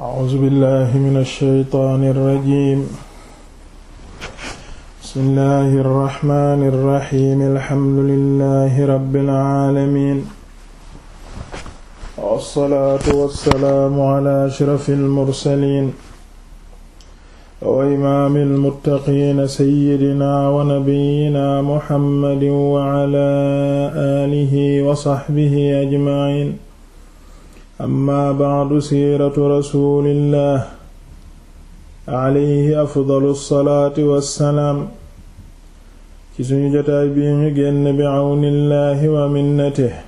أعوذ بالله من الشيطان الرجيم بسم الله الرحمن الرحيم الحمد لله رب العالمين والصلاة والسلام على أشرف المرسلين وإمام المتقين سيدنا ونبينا محمد وعلى آله وصحبه أجمعين amma ba'du siiratu rasulillah alayhi afdalu salaati wassalaam ci suñu jotaay bi ñu génn bi awnillahi wa minnatihi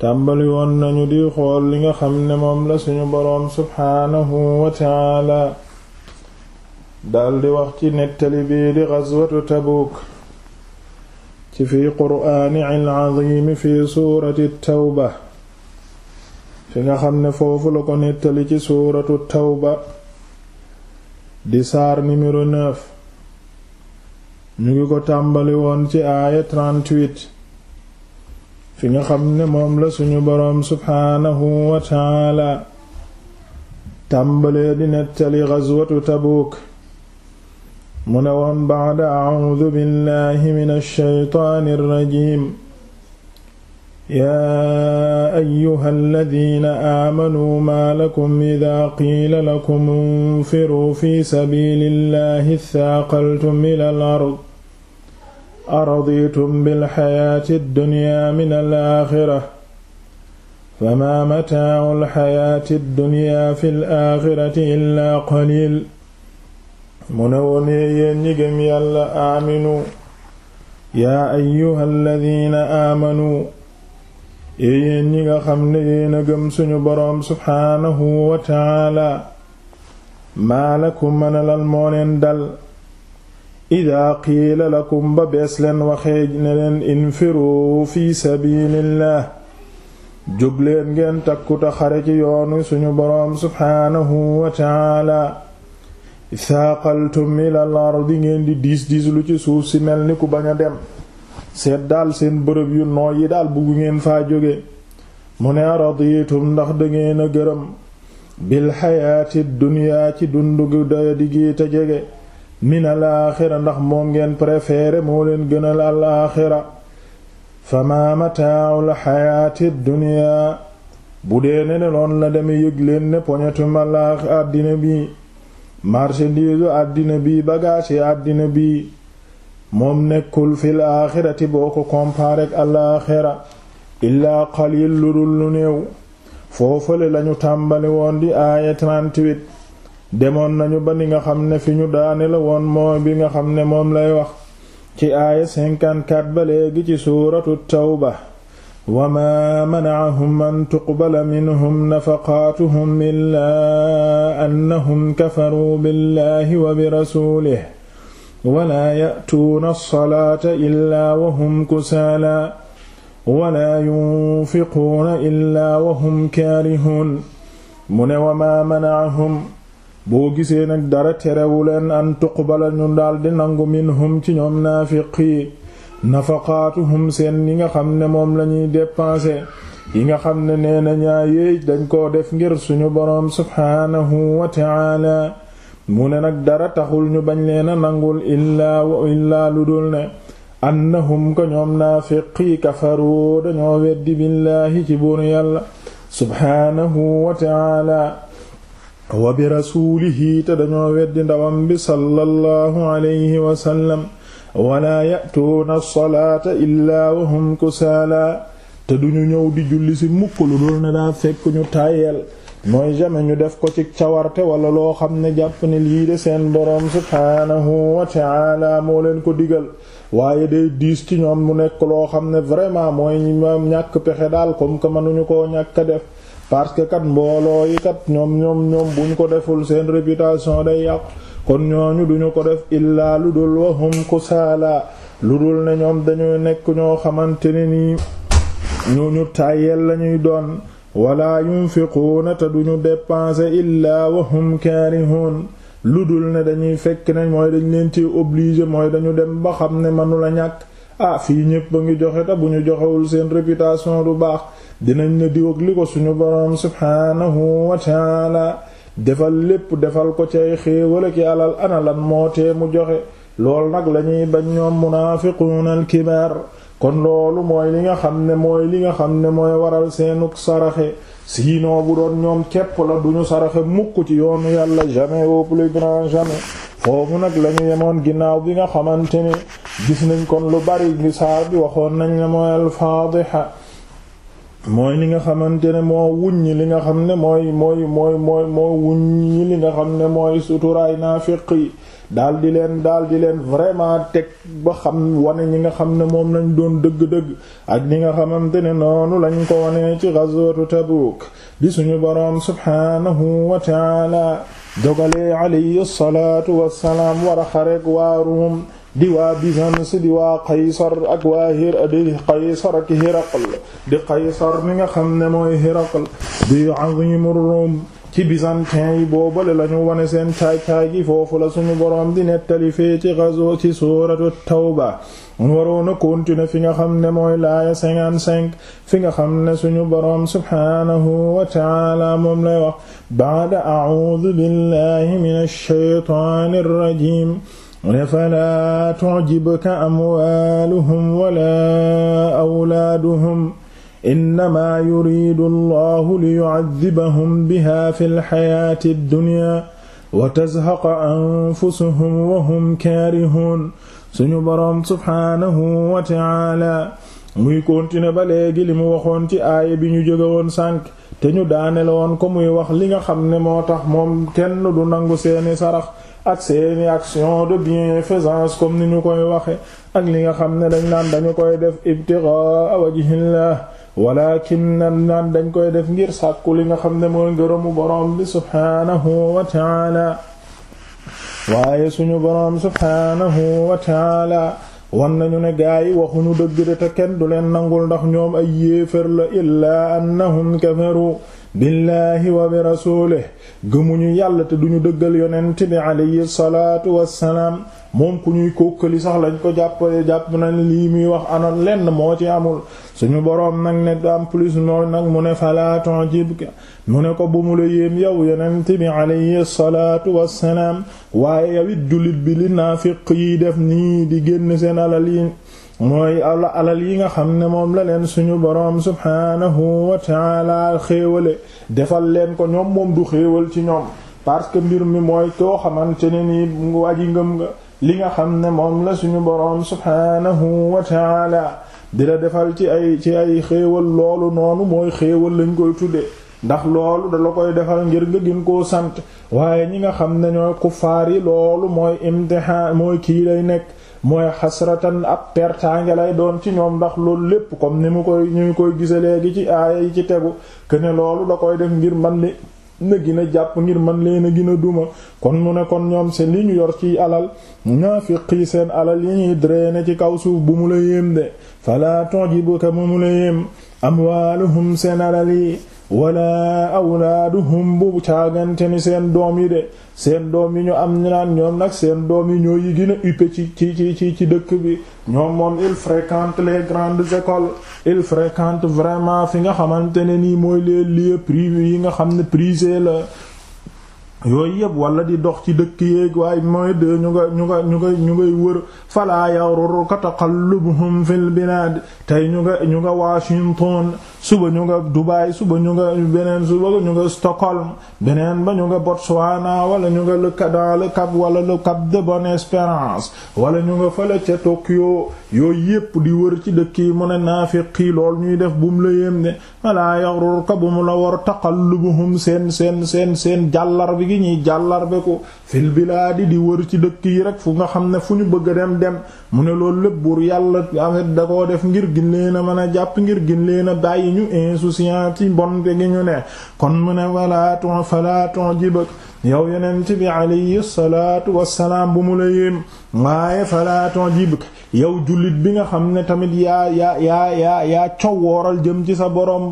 tàmbali woon nañu di xool li nga xam ne moom la suñu boroom subxaanahu wa taala daldi wax ci nettali bii gazwatu tabuuk ci fi qur'aani al-aziim fi suurati tawba fi nga xam ne foofu la ko nettali ci suuratu tawba di saar numéro 9 ñu ngi ko tàmbali woon ci aaya fi nga xam ne moom la suñu boroom subxaanahu wa taala tàmbalee di nettali gazwatu tabuuk mu ne woon ba'da a'uudu billaahi minash shaytaanir rajiim yaa ayyuha alladina aamanuu maa lakum ida qiila lakum unfiruu fi sabili illahi ithaaqaltum ila al ard araditum bilxayaati dduniya min alaaxira famaa mataacu lxayaati dduniya fi l axirati illaa qaliil mu ne woon yéen ñi gëm yàlla aaminu yaa ayyuha alladina aamanuu yéen ñi nga xam ne yéen a gëm suñu boroom subxaanahu wa taala maa lakum mëna lal moo leen dal idaa qiila lakum ba bees leen waxee ne leen infiru fi sabilillah jóg leen ngeen takkuta xare ci yoonu suñu boroom subxaanahu wa taala saaqaltum ilal ardi ngeen di diis diis lu ci suuf si mel ni ku bañ a dem seet daal seen bërëb yu nooy yi daal bugg ngeen faa jóge mu ne radiitum ndax dangeen a gërëm bil xayaati duniyaa ci dundu gu doyadi gi te jege min al ndax moom ngeen préféré moo leen gënal al aaxira fama mataawul xayaati duniyaa bu dee ne la deme yëg leen ne poñetum al àddina bi marchandise àddina bi bagage àddina bi moom nekkul fil aaxirati boo ko comparé ak alaaxira illaa qalil lu dul lu néew foofale lañu tàmbali woon di aaya 38 demoon nañu ba ni nga xam ne fi ñu daane la woon mooy bi nga xam ne moom lay wax ci aaya 54 ba léegi ci suuratu tawba wa maa manacahum an tuqbala minhum nafaqaatuhum illaa annahum kafaruu billahi wa bi rasulihi wala ya'tuuna as-salaata illaa wa wala yunfiquuna illaa wa hum kaarihuun mu ne wa maa gisee nag dara terewuleen an tuqbala ñu daldi nangu minhum ci ñoom naafiqi nafaqaatuhum seen yi nga xam ne moom lañuy dépenser yi nga xam ne nee na ñaa yéej dañ koo def ngir suñu boroom subhaanahu wa ta'aala mu ne nag dara taxul ñu bañ leena a nangul illaa illaa lu dul ne annahum ko ñoom naafiqi kafaru dañoo weddi billaahi ci buur yàlla subhaanahu wa ta'ala wa bi rasuulihi te dañoo weddi ndawam bi sallallahu alayhi wa sallam salaata illaa wa hum kusaala te duñu ñëw di julli ci mukk lu ne daa fekk ñu tàyyeel mooy jamais ñu def ko ci cawarte wala loo xam ne jàpp ne lii de seen boroom subhaanahu wa ta'ala moo leen ko digal waaye day diis ci ñoom mu nekk loo xam ne vraiment mooy ñoom ñàkk pexe daal comme que mënuñu ko ñàkk def parce que kat mbooloo yi kat ñoom ñoom ñoom buñ ko deful seen réputation day yàqu kon ñooñu duñu ko def illaa lu dul wahum kusaala lu dul ne ñoom dañuy nekk ñoo xamante ne nii ñu ñu tàyyeel lañuy doon wala yunfiquuna te duñu dépenser illaa wahum kaarihuun lu dul ne dañuy fekk ne mooy dañ leen ci obligé mooy dañu dem ba xam ne manula ñàkk ah fii ñépp a ngi joxe te bu ñu joxewul seen réputation du baax dinañ ne diw ak li ko suñu boroom subhaanahu wa taala defal lépp defal ko ci ay xéewal ak alal ana lan moo tee mu joxe lool nag lañuy bañ ñoom munaafiquuna al kibaar kon loolu mooy li nga xam ne mooy li nga xam ne mooy waral seenuk saraxe siinoo bu doon ñoom képp la duñu saraxe mukk ci yoonu yàlla jamais au plus grand jamais foofu nag la ñu yemoon ginnaaw bi nga xamante ne gis nañ kon lu bari gi saar waxoon nañ ne mooy alfaadiha mooy li nga xamante ne moo wuññi li nga xam ne mooy mooy mooy mooy moo wuññi xam ne mooy suturaay naafiq yi daal di leen daal di leen vraiment teg ba xam wane ñi nga xam ne moom lañ doon dëgg-dëgg ak ñi nga xam xamante ne noonu lañ ko wane ci ghazwatu Tabuk bi suñu boroom subhaanahu wa taala dogalee alayhi salaatu wassalaam war a xareek waa Ruum di waa Byzance di waa Qaysar ak waa hir di Qaysar ak Hiraql di Qaysar mi nga xam ne mooy Hiraql di azimur Ruum ci byzantin yi boobale lañu wone seen caay-caay gi foofu la suñu boroom di nettali fee ci gazo ci suuratu tawba waroon a continuer fi nga xam ne mooy laaya 55 fi nga xam ne suñu boroom subhaanahu wa taala moom lay wax ba'da a'uudu billahi minash shaytaanir rajiim falaa tu'jibka amwaaluhum walaa awlaaduhum innamaa yuridu allahu liyu'adhibahum biha fi lxayaati addunya wa tazhaqa anfusuhum wa hum kaarihuun suñu boroom subhaanahu wa ta'aala muy continuer ba léegi li mu waxoon ci aaya bi ñu jóge woon sànk te ñu daanele woon ko muy wax li nga xam ne moo tax moom kenn du nangu seeni sarax ak seeni action de bienfaisance comme ni ñu koy waxe ak li nga xam ne dañ naan dañu koy def ibtighaa wajhillah walakin nan naan dañ koy def ngir sàkku li nga xam ne mooy ngërëmu boroom bi subhaanahu wa waaye suñu boroom subhaanahu wa taala wan nañu ne gaay yi waxuñu dëgg de te kenn du leen nangul ndax ñoom ay yéefér la illaa annahum kafaru billaahi wa gëmuñu yàlla te duñu dëggal yonent bi alayhi salaatu wassalaam moom ku ñuy kókkali sax lañ ko jàppale jàpp nañ lii muy wax anoon lenn moo ci amul suñu boroom nag ne en plus mooy nag mu ne fala tu'jibka mu ne ko bu mu la yéem yow yonent bi alayhi salaatu wassalaam waaye yow it jullit bi li naafiq yi def nii di génn seen alal yi mooy alal yi nga xam ne moom la leen suñu boroom subhaanahu wa ta'ala xéewale defal leen ko ñoom moom du xéewal ci ñoom parce que mbir mi mooy koo xamante ne nii waji ngëm nga li nga xam ne moom la suñu boroom subhaanahu wa taala di la defal ci ay ci ay xéewal loolu noonu mooy xéewal lañ koy tuddee ndax loolu da la koy defal ngir nga gën koo sant waaye ñi nga xam ne ñooy kuffaar yi loolu mooy imtihaan mooy kii lay nekk mooy xasratan ab pertaange lay doon ci ñoom ndax loolu lépp comme ni mu koy ñu ngi koy gise léegi ci aaya yi ci tegu que ne loolu da koy def ngir man li na gina jàpp ngir man leen a gën a duma kon mu ne kon ñoom seen li ñu yor ci alal naafiq yi seen alal yi ñuy drainer ci kaw suuf bu mu la yéem de fala tujibuka bu mu la yéem amwaaluhum seen alal yi wala awlaaduhum bu caagante ni seen doom yi de seen doom yi ñu am ñu naan ñoom nag seen doom yi ñoo yi gën a ci ci ci ci ci dëkk bi ñoom moom il fréquente les grandes écoles il fréquente vraiment fi nga xamante ne nii mooy les lieux privés yi nga xam ne prisé la yooyu yëpp walla di dox ci dëkk yéeg waaye mooy de ñu nga ñu nga ñu nga ñu ngay wër fala yaghruruka taqallubuhum fil bilad tey ñu nga ñu nga Washington suba ñu nga Dubai suba ñu nga beneen suba ñu nga Stockholm beneen ba ñu nga Botswana wala ñu nga le dans le wala le Cap de Bonne-Espérance wala ñu nga fële ca Tokyo yooyu yëpp di wër ci dëkk yi mu ne naafiqi lool ñuy def bu mu la yem ne fala yaghruruka bu mu la war taqallubuhum seen seen seen seen jàllar gi ñuy jàllarbe ko fil bilaadi di wër ci dëkk yi rek fu nga xam ne fu ñu bëgg a dem dem mu ne loolu lépp buur yàlla afet da koo def ngir gin leen a mën a jàpp ngir gin leen a bàyyi ñu insouciant ci bon gi ñu ne kon mu ne wala ton fala ton yow yeneen bi alayhi salaatu wassalaam bu mu la yéem waaye falaa tujibka yow jullit bi nga xam ne tamit yaa yaa yaa yaa jëm ci sa borom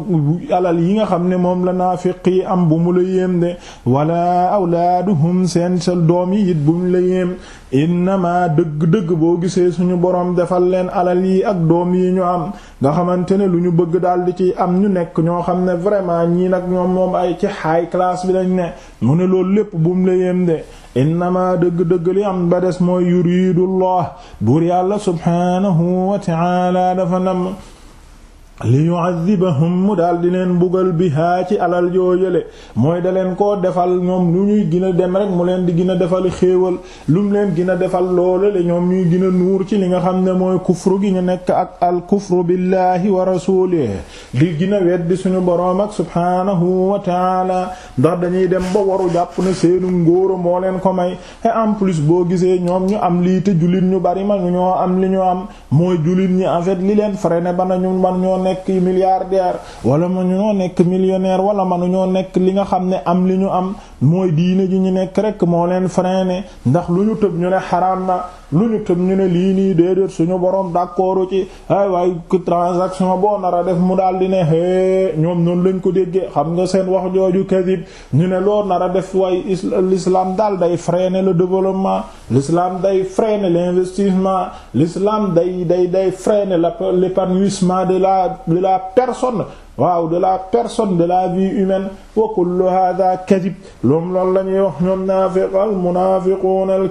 alal yi nga xam ne moom la naafiq yi am bu mu la wala awlaaduhum seen sa doom yi it bu mu dëgg-dëgg boo gisee suñu borom defal leen alal yi ak doom yi ñu am nga xamante ne lu ñu bëgg daal di ci am ñu nekk ñoo xam ne vraiment ñii nag ñoom moom ay ci high class bi lañ ne mu ne loolu lépp bu mu la yem de innama dëgg-dëgg li am ba des mooy yuridullah buur yàlla subhanahu wa ta'ala dafa nam li yu'adhibahum mu daal di leen mbugal bihaa ci alal jooyale mooy da leen koo defal ñoom lu ñuy gën a dem rek mu leen di gën a defal xéewal lu mu leen gën a defal loolale ñoom ñuy gën a nuur ci li nga xam ne mooy kufru gi ñu nekk ak al kufru billahi wa rasuulihi di gën a weddi suñu boroom ak subhaanahu wa taala ndax dañuy dem ba waru jàpp ne seenu ngóoru moo leen ko may et en plus boo gisee ñoom ñu am lii te jullit ñu bari ma ñoo am li ñu am mooy jullit ñi en leen freiné ba nañu man nekk milliardaire wala mënuñoo nekk millionnaire wala mënuñoo nekk li nga xam ne am li ñu am mooy diine ji ñu nekk rek moo leen ne ndax lu ñu tëb ñu ne xaraam na lu ñu tëb ñu ne lii nii déedéet suñu borom d'accordu ci ay waay transaction boo nar a def mu daal di ne hee ñoom noonu lañ ko déggee xam nga seen wax jooju kadib ñu ne loo nar a def waay l'islam daal day freiner le développement l'islam day freiner l'investissement l'islam day day day freiner l'épanouissement de la de la personne waaw de la personne de la vie humaine wa kullu hadha kadib loom loolu wax ñoom naafiq al munaafiquun moo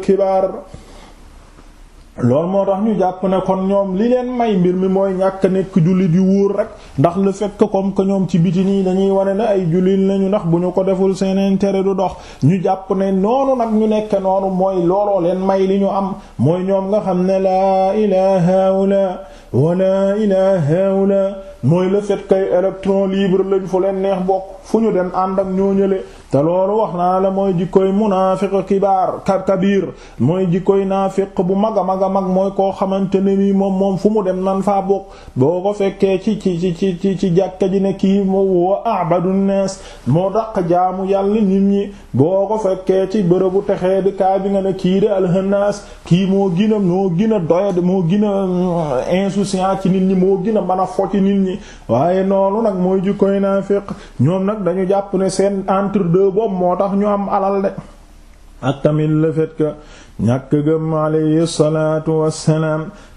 tax ñu jàpp na kon ñoom li leen may mbir mi mooy ñàkk nekk jullit yu wuur rek ndax le fait que comme que ñoom ci biti nii dañuy wane na ay jullit lañu ndax bu ñu ko deful seen intérêt du dox ñu jàpp ne noonu nag ñu nekk noonu mooy looloo leen may li ñu am mooy ñoom nga xam ne laa ilaha haula wala ilaha haula mooy le fait que électron libre lañ fu leen neex bokk fu ñu dem ànd ak ñoo ñële te loolu wax naa la mooy jikkoy munaafiq kibaar kabir mooy jikkoy naafiq bu mag a mag a mag mooy koo xamante ne nii moom moom fu mu dem nan faa bokk boo ko fekkee ci ci ci ci ci ci jàkka ji ne kii moo wa abadu nees moo daq jaamu yàlla nit ñi boo ko fekkee ci bërëbu texee di kaa bi nga ne kii de alxanaas kii moo gën a moo gën a doyad moo gën a euh, ci nit ñi moo gën a a fo ci nit ñi waaye noonu nag mooy jikkoy naafiq ñoom nag dañu jàpp ne seen entre deux deux moo tax ñu am alal de ak tamit le fait ñàkk gëm alayhi salaatu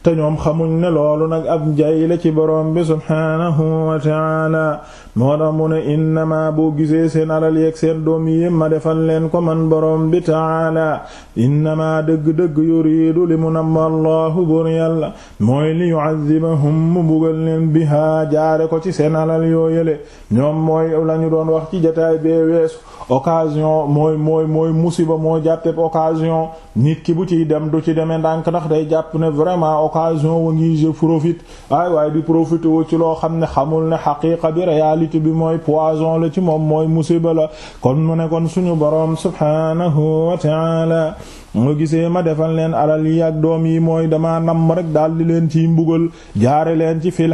te ñoom xamuñ ne loolu nag ab njay la ci borom bi subhaanahu wa taala moo tax mu ne innama boo gisee seen alal yeeg seen doom yi ma defal leen ko man boroom bi taala innama dëgg-dëgg yuriidu li mu namm allahu bur yàlla mooy li yu'azzibahum mu bugal leen biha jaare ko ci seen alal yoo yële ñoom mooy lañu doon wax ci jataay bee weesu occasion mooy mooy musiba moo jàppee occasion nit ki bu ciy dem du ci demee ndànk ndax day jàpp ne vraiment occasion wa ngi je profite ay di profité wu ci loo xam ne xamul ne xaqiqa bi réalité bi mooy poison la ci moom mooy musiba la kon mu ne kon suñu boroom subhanahu wa ta'ala moo gisee ma defal leen alal yi ak doom yi mooy dama namm rek daal di leen ciy mbugal jaare leen ci fil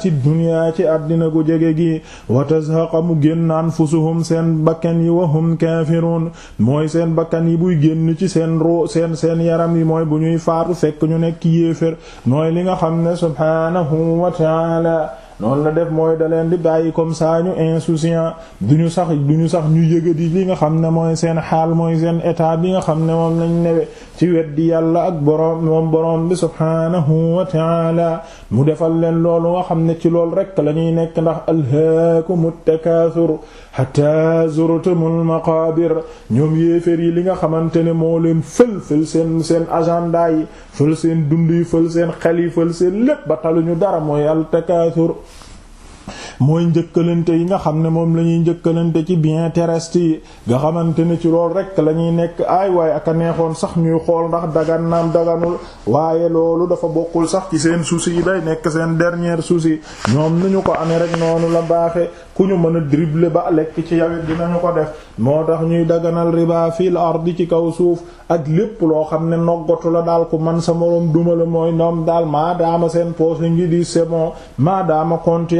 ci dunya ci àddina gu jege gi wa tazhaqa mu génn anfusuhum seen bakkan yi wa hum kaafiruun mooy seen bakkan yi buy génn ci seen ro seen seen yaram yi mooy bu ñuy faatu fekk ñu nekk yéefér mooy li nga xam ne subhaanahu wa noonu la def mooy da leen di bàyyi comme ça ñu insouciant duñu sax duñu sax ñu di li nga xam ne mooy seen xaal mooy seen état bi nga xam ne moom nañ newe ci weddi yàlla ak boroom moom boroom bi subhaanahu wa ta'ala mu defal leen loolu nga xam ne ci lool rekk lañuy nekk ndax alhaakumu takaasur hatta zurtumul maqaabir ñoom yéeféer yi li nga xamante ne moo leen fël fël seen seen agenda yi fël seen dund yi fël seen xel yi fël seen lépp ba taluñu dara mooy al takaasur mooy njëkkalante yi nga xam ne moom la ñuy njëkkalante ci bien terrestre yi nga xamante ne ci lool rek la ñuy nekk ay waaye aka neexoon sax ñuy xool ndax dagan naam daganul waaye loolu dafa bokkul sax ci seen souci yi day nekk seen dernier souci ñoom nu ñu ko amee rek noonu la baaxe ku ñu mën a dribbler ba lekk ci yawit dinañu ko def moo tax ñuy daganal fii la ardi ci kaw suuf ak lépp loo xam ne noggatu la daal ku man sa moroom duma la mooy ñoom daal maadaama seen poche ngi di c'est bon maadaama compte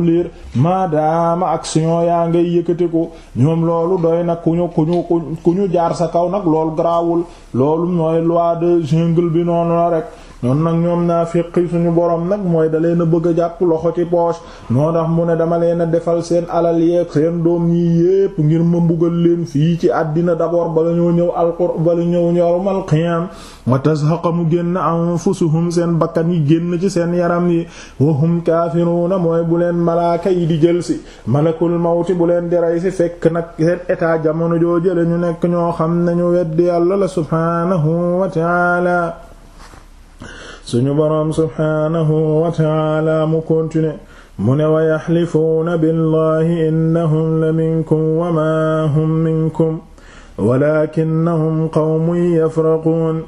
liir remplir maadaama action yaa ngay yëkkatiku ñoom loolu doy nag ku ñu ku ñu ku ñu jaar sa kaw nag lool garaawul loolu mooy loi de jungle bi noonu la rek noonu nag ñoom naa naafiq yi suñu boroom nag mooy da leen a bëgg a jàpp loxo ci poche noo tax mu ne dama leen a defal seen alal yeeg seen doom ñi yépp ngir ma mbugal leen fii ci àddina d'abord bala ñoo ñëw alqur bala ñëw yawmal qiyaam wa tazhaqa mu génn anfusuhum seen bakkan yi génn ci seen yaram yi wa hum kaafiruuna mooy bu leen malaaka yi di jël si malakul mawti bu leen di rey si fekk nag seen état jamono joo jële ñu nekk ñoo xam ne ñu yàlla la subhaanahu wa suñu boroom subhaanahu wa ta'aala mu continuer mu ne wa yaxlifuuna billahi innahum la minkum wa maa hum minkum walaakinnahum qawmun yafraquun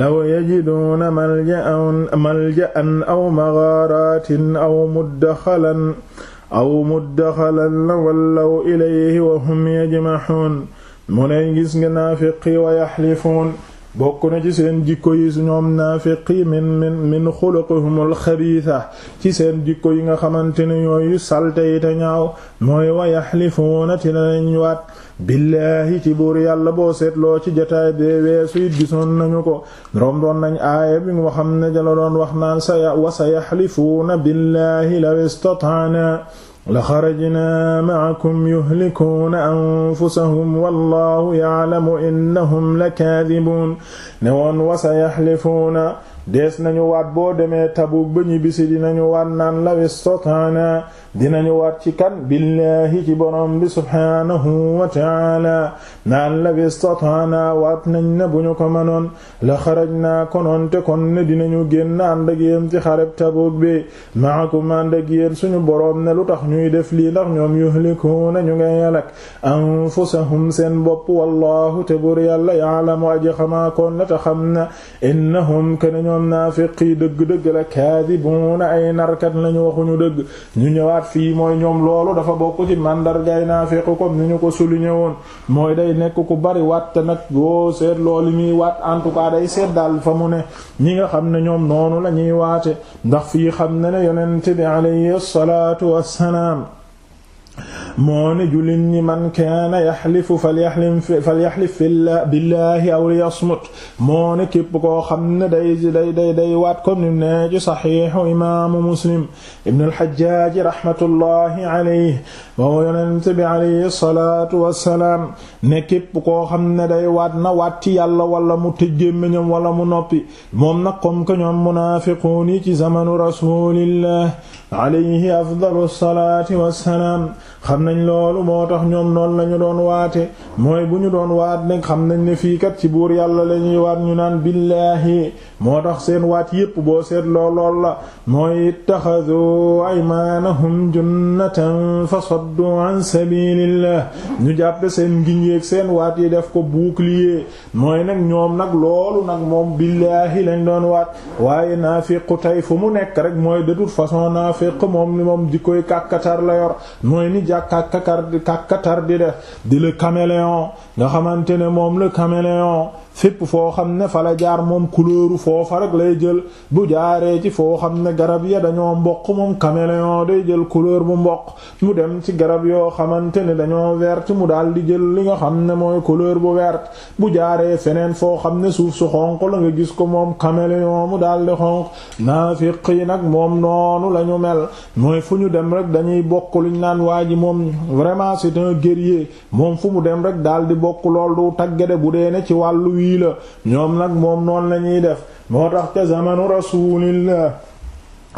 law yajiduuna malja'an malja'an aw maghaaraatin aw muddaxalan aw muddaxalan lawallaw ilayhi wa hum yajmaxuun mu ne gis nga naafiqi wa yaxlifuun bokk na ci seen jikko yi ñoom naafiq yi min min min xuluqihumul xabiisa ci seen jikko yi nga xamante ne yooyu salte yi te ñaaw mooy wa yaxlifuuna ti nañ waat billaahi ci buur yàlla boo seetloo ci jataay bee weesu gisoon nañu ko rom doon nañ aaya bi nga xam ne jala doon wax naan sa wa sa yaxlifuuna billaahi law istataana la xarajnaa macakum yuhlikuuna anfusahum wallahu yaclamu innahum la kaadibuun ne woon wasa yaxlifuuna dees nañu waat boo demee Tabuk ba ñibbisi dinañu waat naan lawistataana dinañu waat ci kan billaahi ci borom bi subhaanahu wa taala naan lawistataana waat nañ na bu ñu ko mënoon la xaraj naa te kon ne dinañu génn ànd ak yéen ci xareb Tabuk bi maakum ànd ak yéen suñu boroom ne lu tax ñuy def lii ndax ñoom yuhlikuuna nañu ngay yalak anfusahum seen bopp wallahu te bur yàlla ya'lamu aji xamaakoon la ta xam na innahum kana ñoom naafiq yi dëgg-dëgg la kaadibuuna ay narkat lañu waxuñu dëgg ñu ñëwaat fii mooy ñoom loolu dafa bokk ci màndargaay naafiq comme ni ñu ko souligné woon mooy day nekk ku bari waat te nag boo seet loolu ñuy waat en tout cas day seet daal fa mu ne ñi nga xam ne ñoom noonu la ñuy waate ndax fii xam ne ne yonent bi alayhi salaatu wassalaam moo ne jullit ñi man kaana yaxlifu falyaxlim falyaxlif billaahi liyasmut moo ne képp xam ne day day day day ko ni nee ci saxiixu imaamu muslim ibn alxajjaaji rahmatullahi alayhi moo yonente bi alayhi salaatu wassalaam ne képp koo xam ne day waat na waat ci yàlla wala mu tëj gémmiñam wala mu noppi moom nag comme que ñoom munaafiquun yi ci zamanu rasulillah alayhi afdalu salaati wassalaam xam nañ loolu moo tax ñoom noon la doon waate mooy bu ñu doon waat nag xam nañ ne fii kat ci buur yàlla lañuy waat ñu naan billaahi moo tax seen waat yépp boo seet lool lool la mooy ittaxadu aymaanahum junnatan fa saddu an sabilillah ñu jàppe seen ngiñ seen waat yi def ko bouclier mooy nag ñoom nag loolu nag moom billaahi lañ doon waat waaye naafiqu tey fu mu nekk rek mooy de toute façon naafiq moom li moom di koy kàkkatar la yor di jàkk kakatar di def di le caméléon nga xamante ne moom la caméléon fépp foo xam ne fa la jaar moom couleur foofa rek lay jël bu jaaree ci foo xam ne garab ya dañoo mboq moom caméléon day jël couleur bu mboq mu dem ci garab yoo xamante ne dañoo vert mu daal di jël li nga xam ne mooy couleur bu vert bu jaaree feneen foo xam ne suuf su xonq la nga gis ko moom caméléon mu daal di xonq naafiq yi nag moom noonu la mel mooy fu ñu dem rek dañuy bokk luñ naan waa ji moom vraiment c'est un bokk lool du taggade bu dee ne ci wàllu wii la ñoom nag moom noonu la ñuy def moo tax ca zamanu rasulillah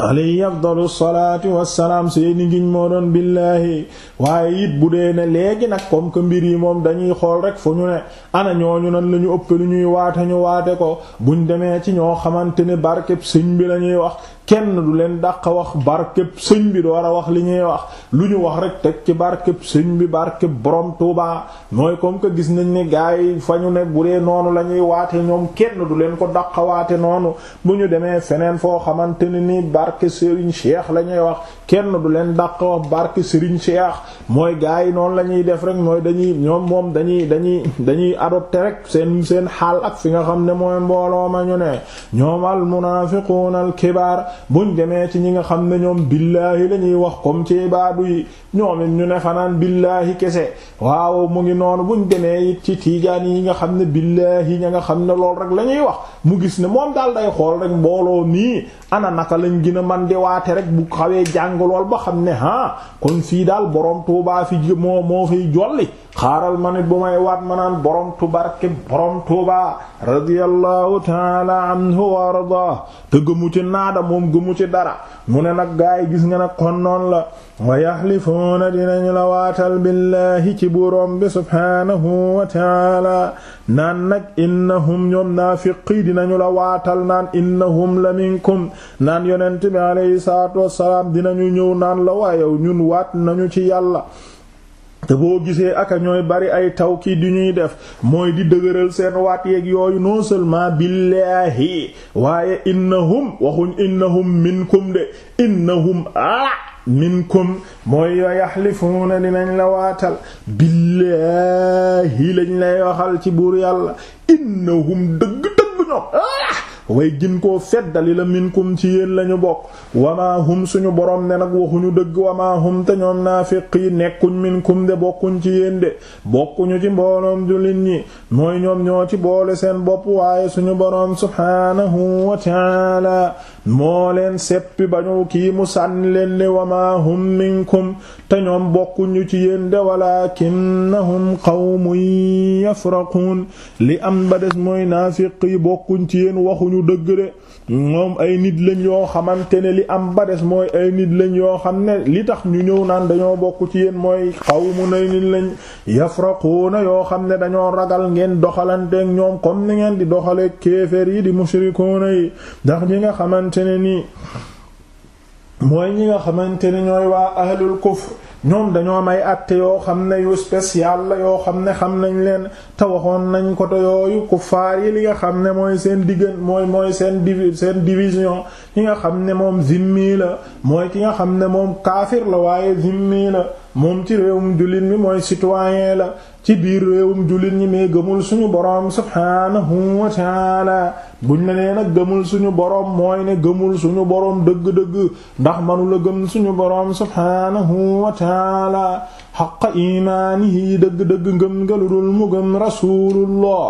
alayhi afdalu salaatu wassalaam seeni ngiñ moo doon billaahi waaye it bu dee ne léegi nag comme que mbir yi moom dañuy xool rek fu ñu ne ana ñooñu nan la ñu ëpp lu ñuy waate ñu waate ko buñ demee ci ñoo xamante ne barkeb sëñ bi lañuy wax kenn du leen dàq wax barkeb sëñ bi door a wax li ñuy wax lu ñu wax rek teg ci barkeb sëñ bi barkeb borom Touba mooy comme que gis nañ ne gars yi fa ñu ne bu dee noonu la ñuy waate ñoom kenn du leen ko dàq waate noonu bu ñu demee feneen foo xamante ne nii barke Serigne Cheikh la ñuy wax kenn du leen dàq wax barke Serigne Cheikh mooy gars yi noonu la ñuy def rek mooy dañuy ñoom moom dañuy dañuy dañuy adopté rek seen seen xaal ak fi nga xam ne mooy mbooloo ma ñu ne ñoom al munaafiquun al kibaar buñ demee ci ñi nga xam ne ñoom billaahi la ñuy wax comme ci ibaadu yi ñoom ñu ne fanaan billaahi kese waaw mu ngi noonu buñ demee ci tiijaan yi nga xam ne billaahi ña nga xam ne lool rek la ñuy wax mu gis ne moom daal day xool rek mbooloo nii ana naka lañ gën a man di waate rek bu xawee jàng jàng lool ba xam ne ah kon fii daal borom Tuubaa fi moo moo fiy jolli xaaral ma nit bu may waat ma naan borom tubarke borom Tuubaa radiyallahu taala anhu wa arda te gëmu ci naada moom gëmu ci dara mu ne nag gaay gis nga nag kon la wa yaxlifuuna dinañu la waatal billahi subhaanahu wa taala naan nag innahum ñoom naafiqi dinañu la waatal naan innahum la minkum naan yonent bi aleyhi salaatu wassalaam dinañu ñëw naan la waayow ñun waat nañu ci yàlla te boo gisee ak ñooy bari ay taw kii ñuy def mooy di dëgëral seen waat yeeg yooyu non seulement billaahi waaye innahum waxuñ innahum minkum de innahum ah minkum mooy wa yaxlifuuna dinañ la waatal billaahi lañ lay waxal ci buur yàlla innahum dëgg-dëgg ñoo ah! way gin koo feddali la minkum ci yéen lañu bokk wamaahum suñu borom ne nag waxuñu dëgg wamaahum te ñoom naafiq yi nekkuñ minkum de bokkuñ ci yéen de bokkuñu ci mbooloom jullit ñi mooy ñoom ñoo ci boole seen bopp waaye suñu borom subhaanahu wa moo leen seppi bañu kii mu sànni leen de wama hum minkum te ñoom bokkuñu ci yéen de walakinnahum qawmun yafraquun li am ba des mooy naafiq yi bokkuñ ci yéen waxuñu dëgg de moom ay nit lañ yoo xamante ne li am ba des mooy ay nit lañ yoo xam ne li tax ñu ñëw naan dañoo bokk ci yéen mooy xawmu nay nit lañ yafraquuna yoo xam ne dañoo ragal ngeen doxalanteek ñoom comme ni ngeen di doxalee kéeféer yi di mushrikuuna yi ndax ñi nga xamante ne nii mooy ñi nga xamante ni ñooy waa ahlul kufr ñoom dañoo may àtte yoo xam ne yu spécial la yoo xam ne xam nañ leen te waxoon nañ ko te yooyu kuffaar yi li nga xam ne mooy seen diggan mooy mooy seen divi seen division ki nga xam ne moom zimmi la mooy ki nga xam ne moom kaafir la waaye zimmi la moom ci réewum jullit mi mooy citoyen la ci biir réewum jullit ñi mais gëmul suñu boroom subhanahu wa ta'ala buñ ne nee nag gëmul suñu boroom mooy gëmul suñu boroom dëgg-dëgg ndax manu la suñu boroom subhanahu taala xaqa imaanihi dëgg-dëgg ngëm ngaludul mu gëm rasulullah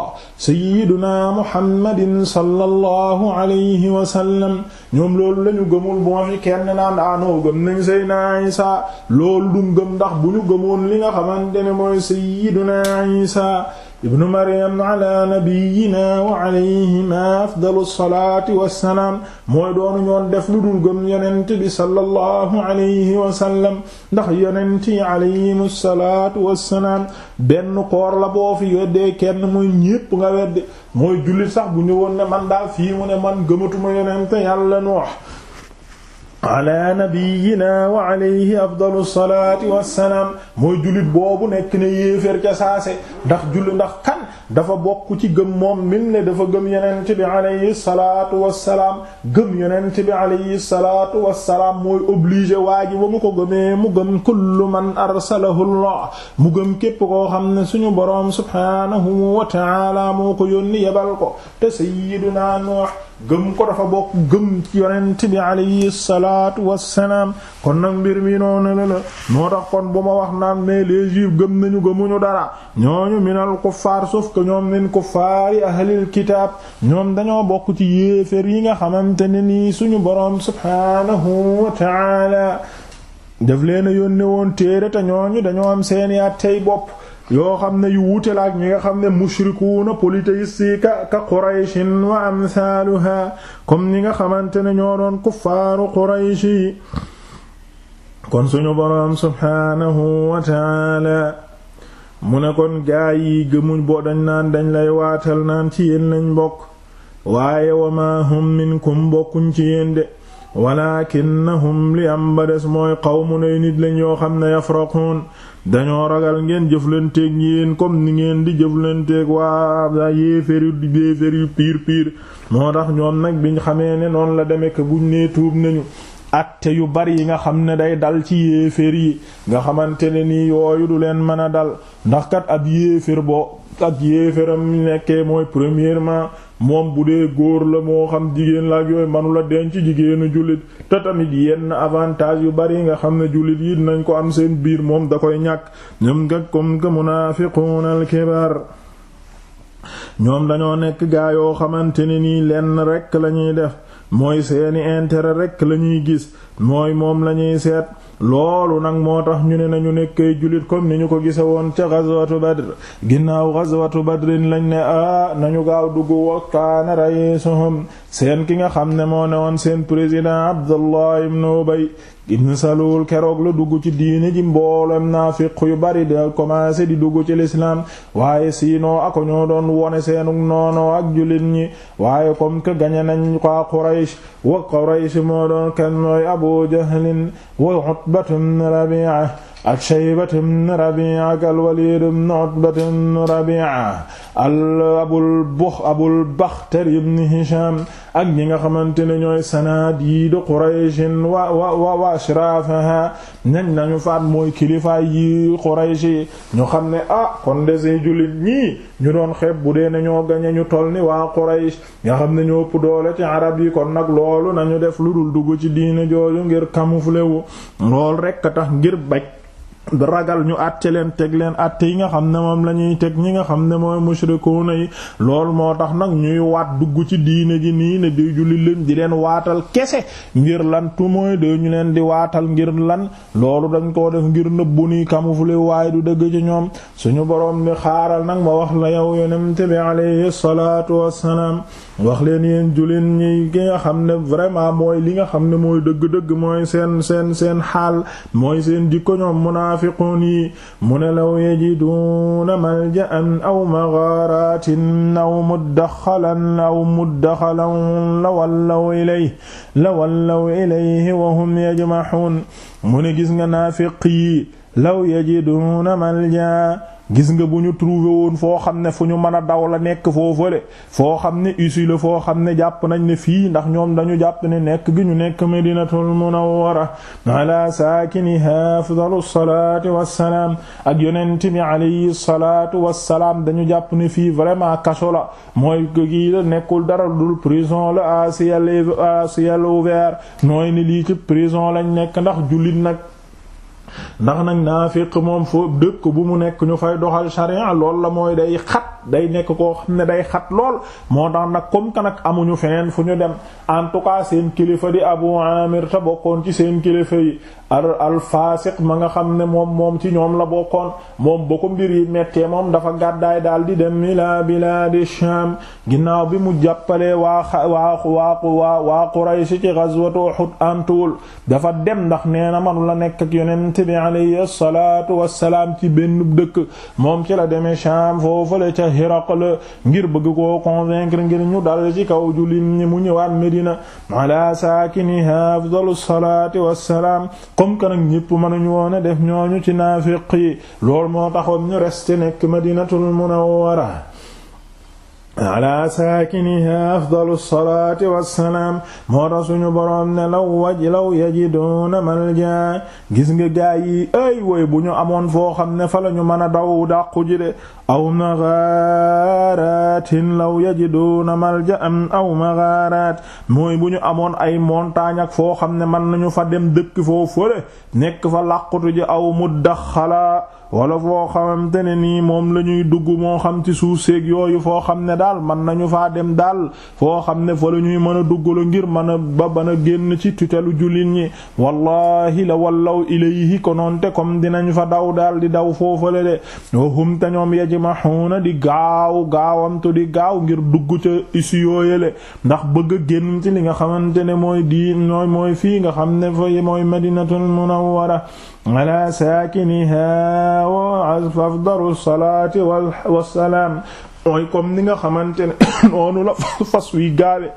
sayiduna muhammadin sallallahu alayhi wa sallam ñoom loolu la ñu gëmul bu ma fi kenn naan aanoo ah, gëm nañ seydina isa loolu du gëm ndax bu ñu gëmoon li nga xamante ne mooy sayiduna isa ibnu maryam ala nabiyyina wa alayhima afdalu salaati wassalaam mooy doonu ñoon def lu dul gëm yonent bi sallallahu alayhi wa sallam ndax yonent yi alayhimu salaatu wassalaam benn koor la boo fi weddee kenn mu ñépp nga wedde mooy jullit sax bu ñëwoon ne man daal fii mu ne man gëmatuma yonent yàlla Nuux ala nabiyina wa alayhi afdalu salaati wassalaam mooy julit boobu nekk ne yéeféer ca ndax julli ndax kan dafa bokk ci gëm moom min ne dafa gëm yonent bi alayhi salaatu wassalaam gëm yonent bi alayhi salaatu wassalaam mooy obligé waa ji ba mu ko gëmee mu gëm kullu man arsalahu Allah mu gëm képp koo xam ne suñu boroom subhaanahu wa ta'aala moo ko yónni yebal ko te sayyiduna Nuh gëm ko dafa bokk gëm ci yonent bi alayhi salaatu wassalaam kon nag mbir mi noonu la la moo tax kon bu ma wax naan mais les juifs gëm nañu gëmuñu dara ñooñu minal kuffaar sauf que ñoom min kuffaari ahlil kitaab ñoom dañoo bokk ci yéefér yi nga xamante ne nii suñu boroom subhaanahu wa ta'ala leen a woon téere te ñooñu dañoo am seeni attey bopp yoo xam ne yu wuute la ak ñi nga xam ne mushrikuuna polythéistes yi ka ka qurayshin wa amsaaluha comme ñi nga xamante ne ñoo doon kuffaaru quraysh kon suñu boroom subhaanahu wa taala mu ne kon gaa yi gëmuñ boo dañ naan dañ lay waatal naan ci yéen lañ bokk waaye wa maa hum minkum bokkuñ ci yéen de walaakinnahum li am ba des mooy qawmun ay nit lañ yoo xam ne yafraquun dañoo ragal ngeen jëflanteeg yéen comme ni ngeen di jëflanteeg waa waa yéeféer yu yéeféer yu piir piir moo tax ñoom nag biñ xamee ne noonu la demee ko buñ nee tuub nañu atte yu bari yi nga xam ne day dal ci yéeféer yi nga xamante ne nii yooyu du leen mën a dal ndax kat ab yéeféer boo ak yéeféeram nekkee mooy premièrement moom bu dee góor la moo xam jigéen la ak yooyu manula denc jigéenu jullit te tamit yenn avantage yu bari nga xam ne jullit yi nañ ko am seen biir moom da koy ñàkk ñoom nga comme que munaafiqun al kibar ñoom dañoo nekk gaa yoo xamante ne nii lenn rekk lañuy def mooy seeni intérêt rekk lañuy gis mooy moom lañuy seet loolu nag moo tax ñu ne nañu nekkay jullit comme ni ñu ko gise woon ca ghazwatu badr ginnaaw ghazwatu badrin lañ ne a ah, nañu gaaw dugg wakaana rayisuhum seen ki nga xam ne moo ne woon seen président abdullah noo bay ibn Salul keroog la dugg ci diine ji mboolem naafiq yu bari da commencé di dugg ci l'islam waaye siinoo ako ñoo doon wone seenug noono ak jullit ñi waaye comme que gañe nañ waa Quraysh wa Quraysh moo doon kenn mooy Abu Jahlin wa Utbatun Rabi'a ak Shaybat ibn Rabi'a ak al-Walid ibn Utba ibn Rabi'a abul bux abul Bakhtari ibn Hisham ak ñi nga xamante ne ñooy sanadidu Quraysh wa wa wa wa ashrafaha ñañ nañu faat mooy kilifaay yi Quraysh yi ñu xam ne ah kon dese jullit ñii ñu doon xeeb bu dee ne ñoo gañe ñu toll ni waa Quraysh nga xam ne ñoo ëpp doole ci arab yi kon nag loolu nañu def lu dul dugg ci diine jooju ngir camoufler wu lool rekk a tax ngir bañ ragal ñu àtte leen teg leen àtte yi nga xam ne moom la ñuy teg ñi nga xam ne mooy mushrikuuna yi lool moo tax nag ñuy waat dugg ci diine ji nii ne di julli leen di leen waatal kese ngir lan tu mooy de ñu leen di waatal ngir lan loolu dañ ko def ngir nëbbu nii camoufler waaye du dëgg ci ñoom suñu boroom ni xaaral nag ma wax la yow yonente bi alayhi salaatu wassalaam wax leen yéen jullit ñi ki nga xam ne vraiment mooy li nga xam ne mooy dëgg-dëgg mooy seen seen seen xaal mooy seen jikko ñoom munaa munaafiqun yi mu ne law yajiduuna malja'an aw maghaaratin aw muddaxalan aw muddaxalan la wallaw ilayhi la wallaw ilayhi wa hum yajmahuun mu ne gis nga naafiq yi law yajiduuna malja'an gis nga bu ñu trouver woon foo xam ne fu ñu mën a daw la nekk foofale foo xam ne usi la foo xam ne jàpp nañ ne fii ndax ñoom dañu jàpp ne nekk gi ñu nekk Madinatul Munawwara ala saakiniha afdalu salaatu wassalaam ak yonent bi alayhi salaatu wassalaam dañu jàpp ne fii vraiment kaso la mooy gii la nekkul dara dul prison la à ciel ouvert nooy ni lii ci prison lañ nekk ndax julit nag ndax nag naafiq moom foo dëkk bu mu nekk ñu fay doxal charin lool la mooy day xat day nekk koo xam ne day xat lool moo tax nag comme que nag amuñu feneen fu ñu dem en tout cas seen kilifa di Abu Amir te bokkoon ci seen kilifa yi al al faasiq ma nga xam ne moom moom ci ñoom la bokkoon moom ba ko mbir yi mettee moom dafa gàddaay daal di dem ila de Shaam ginnaaw bi mu jàppalee waa waa waa waa Quraysh ci ghazwatu Uhud antuwul dafa dem ndax nee na manu la nekk ak yonent bi alayhi salaatu wassalaam ci benn dëkk moom ci la demee Sham foofale ca Hiraql ngir bëgg koo convaincre ngir ñu dal ci kaw jullit ñi mu ñëwaat Medina ala saakiniha afdalu salaati wassalaam comme que nag ñépp mënuñu woon a def ñooñu ci naafiq yi loolu moo taxoon ñu resté nekk Madinatul Munawwara ala saakiniha afdalu lsalati wassalaam moo tax suñu boroom ne law waj law yajiduuna malja gis ngi gaa yi woy bu ñu amoon foo xam ne fa la ñu mën a daw dàqu ji de aw magaaratin law yajiduuna malja am aw magaaraat mooy bu ñu amoon ay montagne ak foo xam ne mën nañu fa dem dëkk foo fële nekk fa làqutu ji aw muddaxala wala foo xamante ne nii moom la ñuy dugg moo xam ci suuf seeg yooyu foo xam ne daal man nañu faa dem daal foo xam ne fa la ñuy mën a duggalu ngir mën a ba ban a génn ci tutelu jullit ñi wallahi la wallaw ilayhi konoonte dina ñu fa daw daal di daw foofale de wahum te ñoom yajmahuuna di gaaw gaawamtu di gaaw ngir dugg ca issu yooyale ndax bëgg a génn ci li nga xamante ne mooy di mooy mooy fii nga xam ne fa mooy madinatul munawwara ala saakiniha wa afdalu salaati wassalaam mooy comme ni nga xamante ne noonu la fas wi gaawe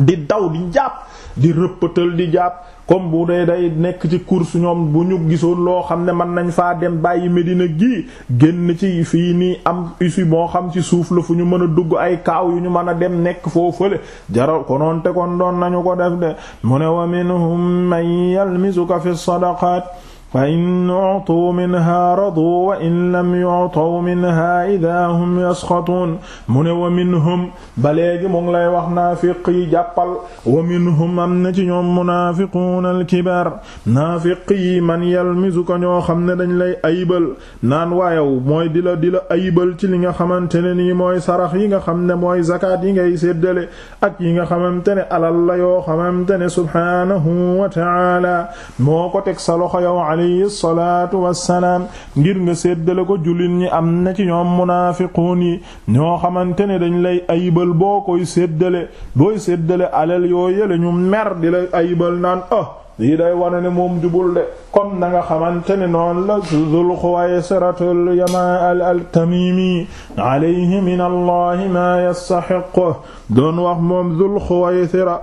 di daw di jàpp di rëppatal di jàpp comme bu dee day nekk ci course ñoom bu ñu gisoon loo xam ne mën nañ faa dem bàyyi Medina gii génn ci fii nii am ussi moo xam ci suuf la fu ñu mën a dugg ay kaaw yu ñu mën a dem nekk foo fële jaral konoon te kon doon nañu ko def de mu ne wa minhum man yalmizuka fi sadaqat fa in utuu minha radu wa in lam yutuu minha ida hum yasxatuun mu ne wa minhum ba léegi mu ngi lay wax naafiq yi jàppal wa minhum am na ci ñoom munaafiquuna alkibaar naafiq yi man yalmizuka ñoo xam ne dañ lay ayibal naan waayow mooy di la di la ayibal ci li nga xamante ne nii mooy sarax yi nga xam ne mooy zakaat yi ngay séddale ak yi nga xamante ne alal la yoo xamante ne subhaanahu wa taala moo ko teg sa loxo yow alayhi salaatu ngir nga séddale ko jullit ñi am na ci ñoom munaafiquun yi ñoo xamante ne dañ lay ayibal boo koy séddale booy séddale alal yoo yële ñu mer di lay ah, wane ne moom jubul de comme na xamante ne noon la Zul Xuwaysiratul Yamaa al-Tamiimi alayhi min allahi maa yastaxiqu doon wax moom Zul Xuwaysira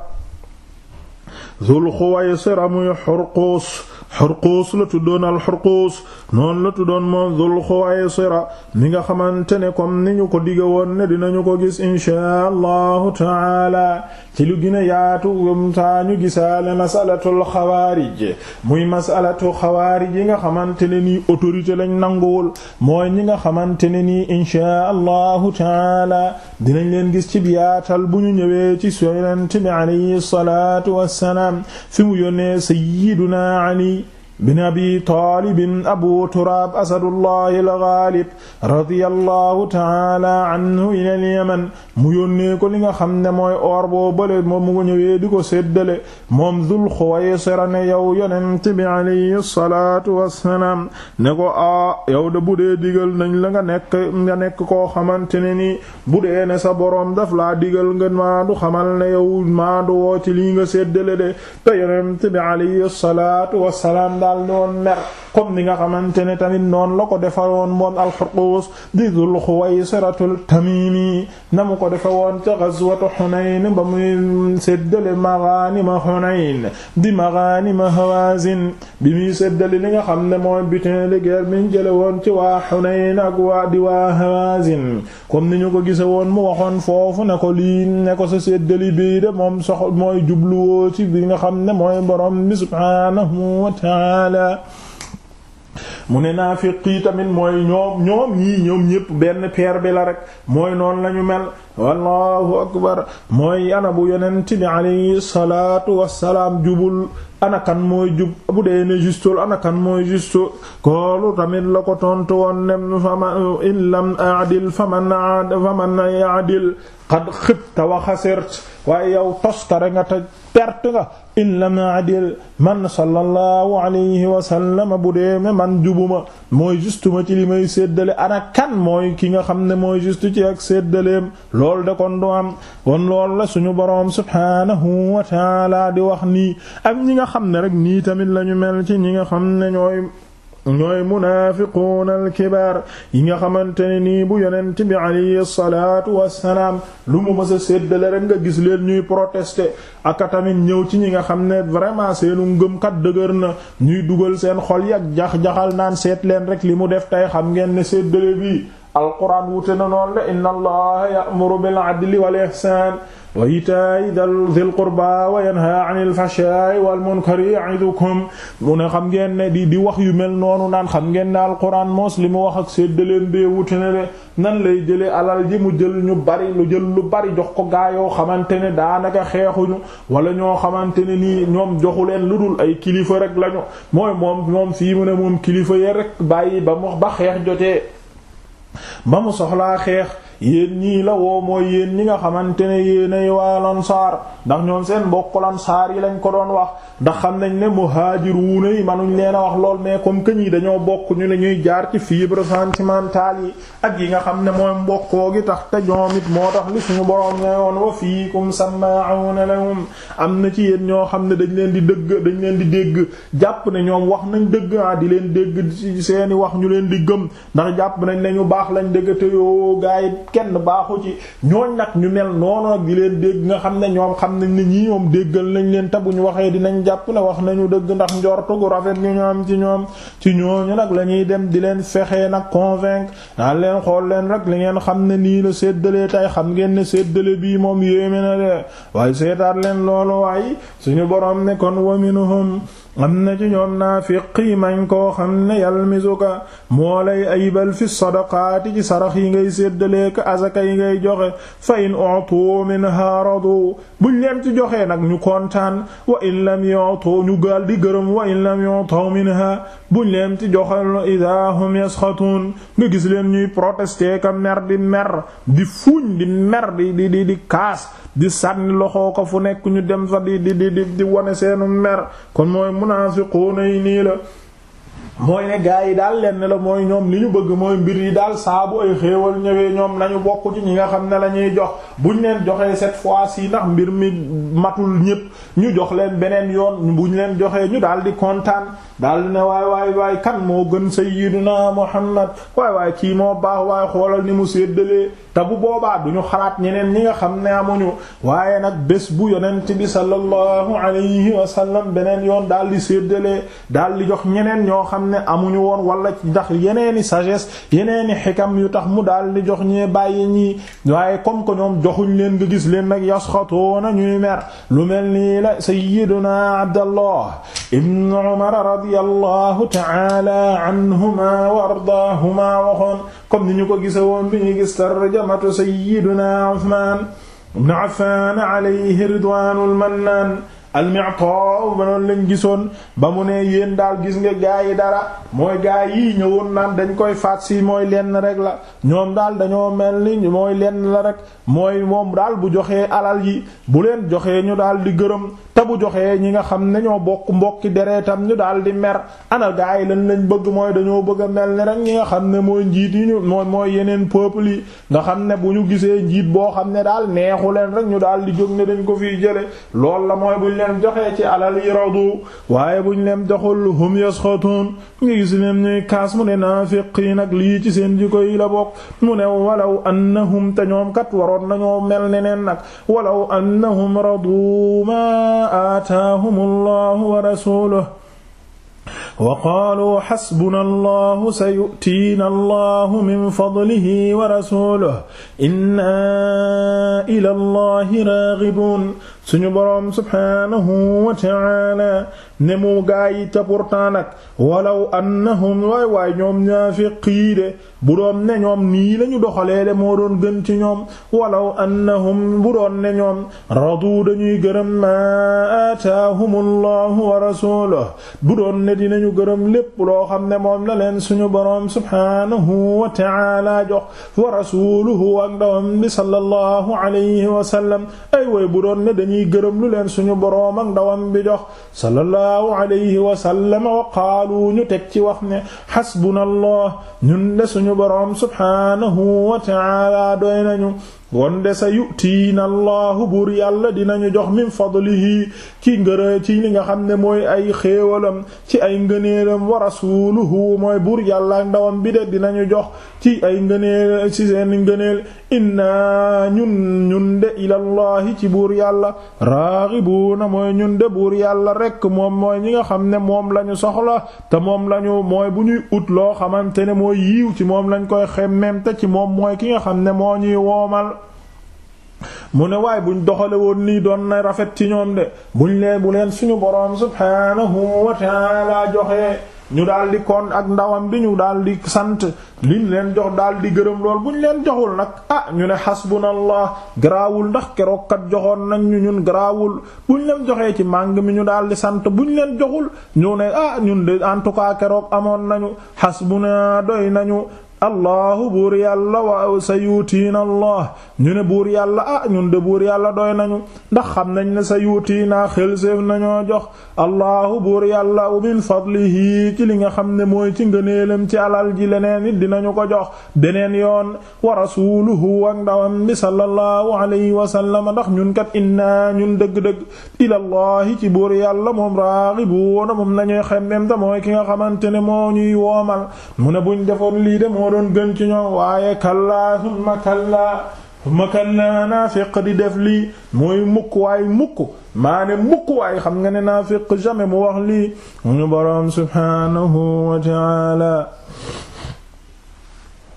Zul Xuwaysira muy Xurquus Xurquus la tuddoon al Xurquus noonu la tuddoon moom Zul Xuwaysira mi nga xamante ne comme ni ñu ko digge woon na dinañu ko gis inchaa allahu taala ci lu gën a yaatu gom saa ñu gisaale masalatul xawaarij muy masalatu xawaarij yi nga xamante ne nii autorité lañ nanguwul mooy ñi nga xamante ne nii inchaa allahu taala dinañ leen gis ci biyaatal bu ñu ñëwee ci Yonent bi alayhi salaatu wassalaam salaam fi mu yónnee sayyiduna Ali bin abi taalibin abu turaab asadullahi algaalib radiyallahu taala anhu ilal yaman mu yónnee ko li nga xam ne mooy or boo bële moom ñëwee di ko séddale moom Dul Xuwaysira ne yow yonent bi alayhi salaatu wassalaam ne ko a yow da bu dee digal nañ la nga nekk nga nekk koo xamante ne nii bu dee ne sa boroom daf laa digal nga maadu xamal ne yow maadu woo ci lii nga séddale de te yonent bi alayhi salaatu wassalaam daal di woon mer comme ni nga xamante ne tamit noonu la ko defaroon moom al-Hurqus di Dul Xuwaysiratul Tamimi na mu ko defe woon ca ghazwatu Hunayn ba muy séddale maghanima Hunayn di maghanima Hawazin bi muy séddale li nga xam ne mooy butin de guerre mi ñu jële woon ci waa Hunayn ak waa di waa Hawazin comme ni ñu ko gise woon mu waxoon foofu ne ko lii ne ko sa séddale bii de moom sox mooy jubluwoo ci bi nga xam ne mooy borom bi subhaanahu wa ta'ala mu ne naafiqi tamit mooy ñoom ñii ñoom ñépp benn peer bi la rek mooy noon lañu mel wallahu akbar mooy ana bu yonent bi alayhi wassalaam jubul anakan mooy jub bu dee ne justul anakan mooy justu koolu tamit la ko tontu woon in lam aadil faman aad faman qad xibta wa xasirt waaye yow toskare nga te perte nga in lam adil man sallallahu alayhi wa sallam bu deeme man jubuma mooy juste ma ci li may séddale ana kan mooy ki nga xam ne mooy juste ci ak séddaleem lool de kon du am kon loolu la suñu boroom subhaanahu wa taala di wax nii ak ñi nga xam ne rek nii tamit la lañu mel ci ñi nga xam ne ñooy ñooy munaafiquuna alkibaar yi nga xamante ne nii bu yonent bi alayhi salaatu wassalaam lu mu mës a séddale nga gis leen ñuy protester ak tamit ñëw ci ñi nga xam ne vraiment seenu ngëm kat dëgër na ñuy dugal seen xol yi ak jax-jaxal naan seet leen rek li mu def tey xam ngeen ne séddale bi alquran wute na noonu la inna allaha ya'muru bil adli wal ihsan wa itaa'i dhil qurba wa yanha 'anil fahsha'i wal munkari ya'idukum mu ne xam ngeen ne di di wax yu mel noonu naan xam ngeen ne alquran moos li mu wax ak séddaleen bee na nan lay jëlee alal ji mu jël ñu bari lu jël lu bari jox ko gaa yoo xamante ne daanaka xeexuñu wala ñoo xamante ne nii ñoom joxu leen lu dul ay kilifa rek lañu mooy moom moom fii mu ne moom kilifa yee rek bàyyi ba mu ba xeex jotee. ba mu soxlaa xeex yéen ñii la woo mooy yéen ñi nga xamante ne yéenay waa lansaar ndax ñoom seen mbokku saar yi lañ ko doon wax ndax xam nañ ne muhaajiruuna yi manuñ leen a wax lool mais comme que ñii dañoo bokk ñu ne ñuy jaar ci fibre sentimentale yi ak yi nga xam ne mooy mbokkoo gi tax te ñoom it moo tax li suñu boroom ne woon wa fiikum sammaa'uuna lahum am na ci yéen ñoo xam ne dañ leen di dëgg dañ leen di dégg jàpp ne ñoom wax nañ dëgg ah di leen dégg seeni wax ñu leen di gëm ndax jàpp nañ ne ñu baax lañ dëgg te yoo gaay kenn baaxu ci ñooñ nag ñu mel noonu ak di leen dégg nga xam ne ñoom xam nañ ne ñi moom déggal nañ leen te ñu waxee dinañ jàpp ne wax nañu dëgg ndax njortu gu rafet ñu ñoom ci ñoom ci ñooñu nag la ñuy dem di leen fexee nag convaincre daan leen xool leen rek li ngeen xam ne nii la séddalee tey xam ngeen ne séddale bii moom yéeme na de waaye seetaat leen loolu waaye suñu borom ne kon wa minhum am na ci naa fi mañ koo xam ne yalmizuka moo lay ayibal fi sadaqaati ci sarax yi ngay séddaleeka azaka yi ngay joxe fa in utu minha radu buñ leen ci joxee nag ñu kontaan wa in lam yutu ñu gaal di gërëm wa in lam yutu minha buñ leen ci joxal idha hum yasxatun nga gis leen ñuy protester ka mer di mer di fuñ di mer di di di kaas di sànni loxo ko fu nekk ñu dem fa di di di di wane seenu mer kon mooy munaafiquna yi nii la mooy ne gaa yi daal lenn la mooy ñoom li ñu bëgg mooy mbir yi daal saabu ay xéewal ñëwee ñoom nañu bokk ci ñi nga xam ne la ñuy jox buñ leen joxee cette fois ci ndax mbir mi matul ñépp ñu jox leen beneen yoon buñ leen joxee ñu daal di kontaan daal di ne waay waay waay kan moo gën sayyiduna Muhammad waay waay kii moo baax waay xoolal ni mu séddalee te bu boobaa ñu xalaat ñeneen ñi nga xam ne amuñu waaye nag bés bu yonent bi sallallahu alayhi wa sallam beneen yoon daal di séddalee daal di jox ñeneen ñoo xam xam ne amuñu woon wala ndax yeneeni sagesse yeneeni xikam yu tax mu daal di jox ñee bàyyi ñii waaye comme que ñoom leen nga gis leen nag yasxatoona ñuy mer lu mel nii la sayyiduna abdallah ibn umar radiyallahu ta'ala anhuma wa ardaahuma waxoon comme ni ñu ko gisa woon bi ñu gis tarjamatu sayyiduna uthman ibn affan alayhi ridwanul mannan almiqtaaw banoonu lañ gisoon ba mu ne yéen daal gis nga gaa yi dara mooy gaa yii ñëwoon naan dañ koy faat si mooy lenn rek la ñoom daal dañoo mel ni mooy lenn la rek mooy moom daal bu joxee alal yi bu leen joxee ñu daal di gërëm te bu joxee ñi nga xam ne ñoo bokk mbokki deretam ñu daal di mer ana gaa yi lan lañ bëgg mooy dañoo bëgg mel ni rek ñi nga xam ne mooy njiit yi ñu mooy mooy yeneen peuple yi nga xam ne bu ñu gisee njiit boo xam ne daal neexu leen rek ñu daal di jóg ne dañ ko fiy jële leen joxee ci alal yi radu waaye buñ leen joxul hum yasxatun nga gis leen ñuy kaas mu ne naafiqiin ak lii ci seen jikko yi la bokk mu ne walaw annahum te ñoom kat waroon nañoo mel ne neen nag walaw annahum radu ma aataahum allahu wa rasuluhu wa qaalu xasbuna allahu sayutiina allahu min fadlihi wa rasuluhu inna ila allahi raagibuun suñu boroom subhaanahu wa ta'ala ne mu gaa yi te nag walaw annahum waay waay ñoom naafiq yi de bu doon ne ñoom nii lañu doxalee de moo doon gën ci ñoom walaw annahum bu doon ne ñoom radu dañuy gërëm ma ataahumullahu wa rasuluhu bu doon ne dinañu gërëm lépp loo xam ne moom la leen suñu boroom subhaanahu wa ta'ala jox wa rasuluhu ak ndawam bi sallallahu alayhi wa sallam ay way bu doon ne dañuy gërëm lu leen suñu boroom ak ndawam bi jox sallallahu alayhi wa sallam wa qaalu ñu teg ci wax ne xasbuna allah ñun de suñu boroom subhaanahu wa ta'ala doy nañu wonde sa yutiina allahu buur yàlla dina ñu jox min fadlihi ci ngërë ci li nga xam ne mooy ay xéewalam ci ay ngëneelam wa rasuluhu mooy buur yàlla ndawam bi de dinañu jox ci ay ngëneel ci seen ngëneel inna ñun ñun de ilallahi ci buur yàlla raaxibuuna mooy ñun de buur yàlla rekk moom mooy ñi nga xam ne moom lañu soxla te moom lañu mooy bu ñuy ut loo xamante ne mooy yiiw ci moom lañ koy xemmem te ci moom mooy ki nga xam ne moo ñuy woomal mu ne waaye buñ doxale woon nii doon na rafet ci ñoom de buñ leen bu leen suñu boroom subhaanahu wa ta'ala joxe ñu daal kon ak ndawam bi ñu daal di sant liñ leen jox daal di gërëm lool buñ leen joxul nag ah ñu ne xasbunallah garaawul ndax keroog kat joxoon nag ñu ñun garaawul buñ leen joxee ci màng mi ñu daal di sant buñ leen joxul ñu ne ah ñun de en tout cas keroog amoon nañu xasbuna doy nañu allahu buur yàlla wa aw sa yuutiina allah ñu ne buur yàlla ah ñun de buur yàlla doy nañu ndax xam nañ ne sa yuutiinaa xelséef nañoo jox allahu buur yàlla min fadlihi ci li nga xam ne mooy ci ngëneelam ci alal ji leneen it dinañu ko jox beneen yoon wa rasuluhu ak ndawam bi sallallahu alayhi wa sallam ndax ñun kat inna ñun dëgg-dëgg ilallahi ci buur yàlla moom raaxibuuna moom nañuy xemmem te ki nga xamante ne moo ñuy woomal mu ne buñ defoon lii moo doon gën ci ñoom waaye kallaa summa kallaa summa kallaa naafiq di def lii mooy mukk waay mukk maa ne mukk waay xam nga ne naafiq jamais mu wax lii ñu boroom subhaanahu wa ta'ala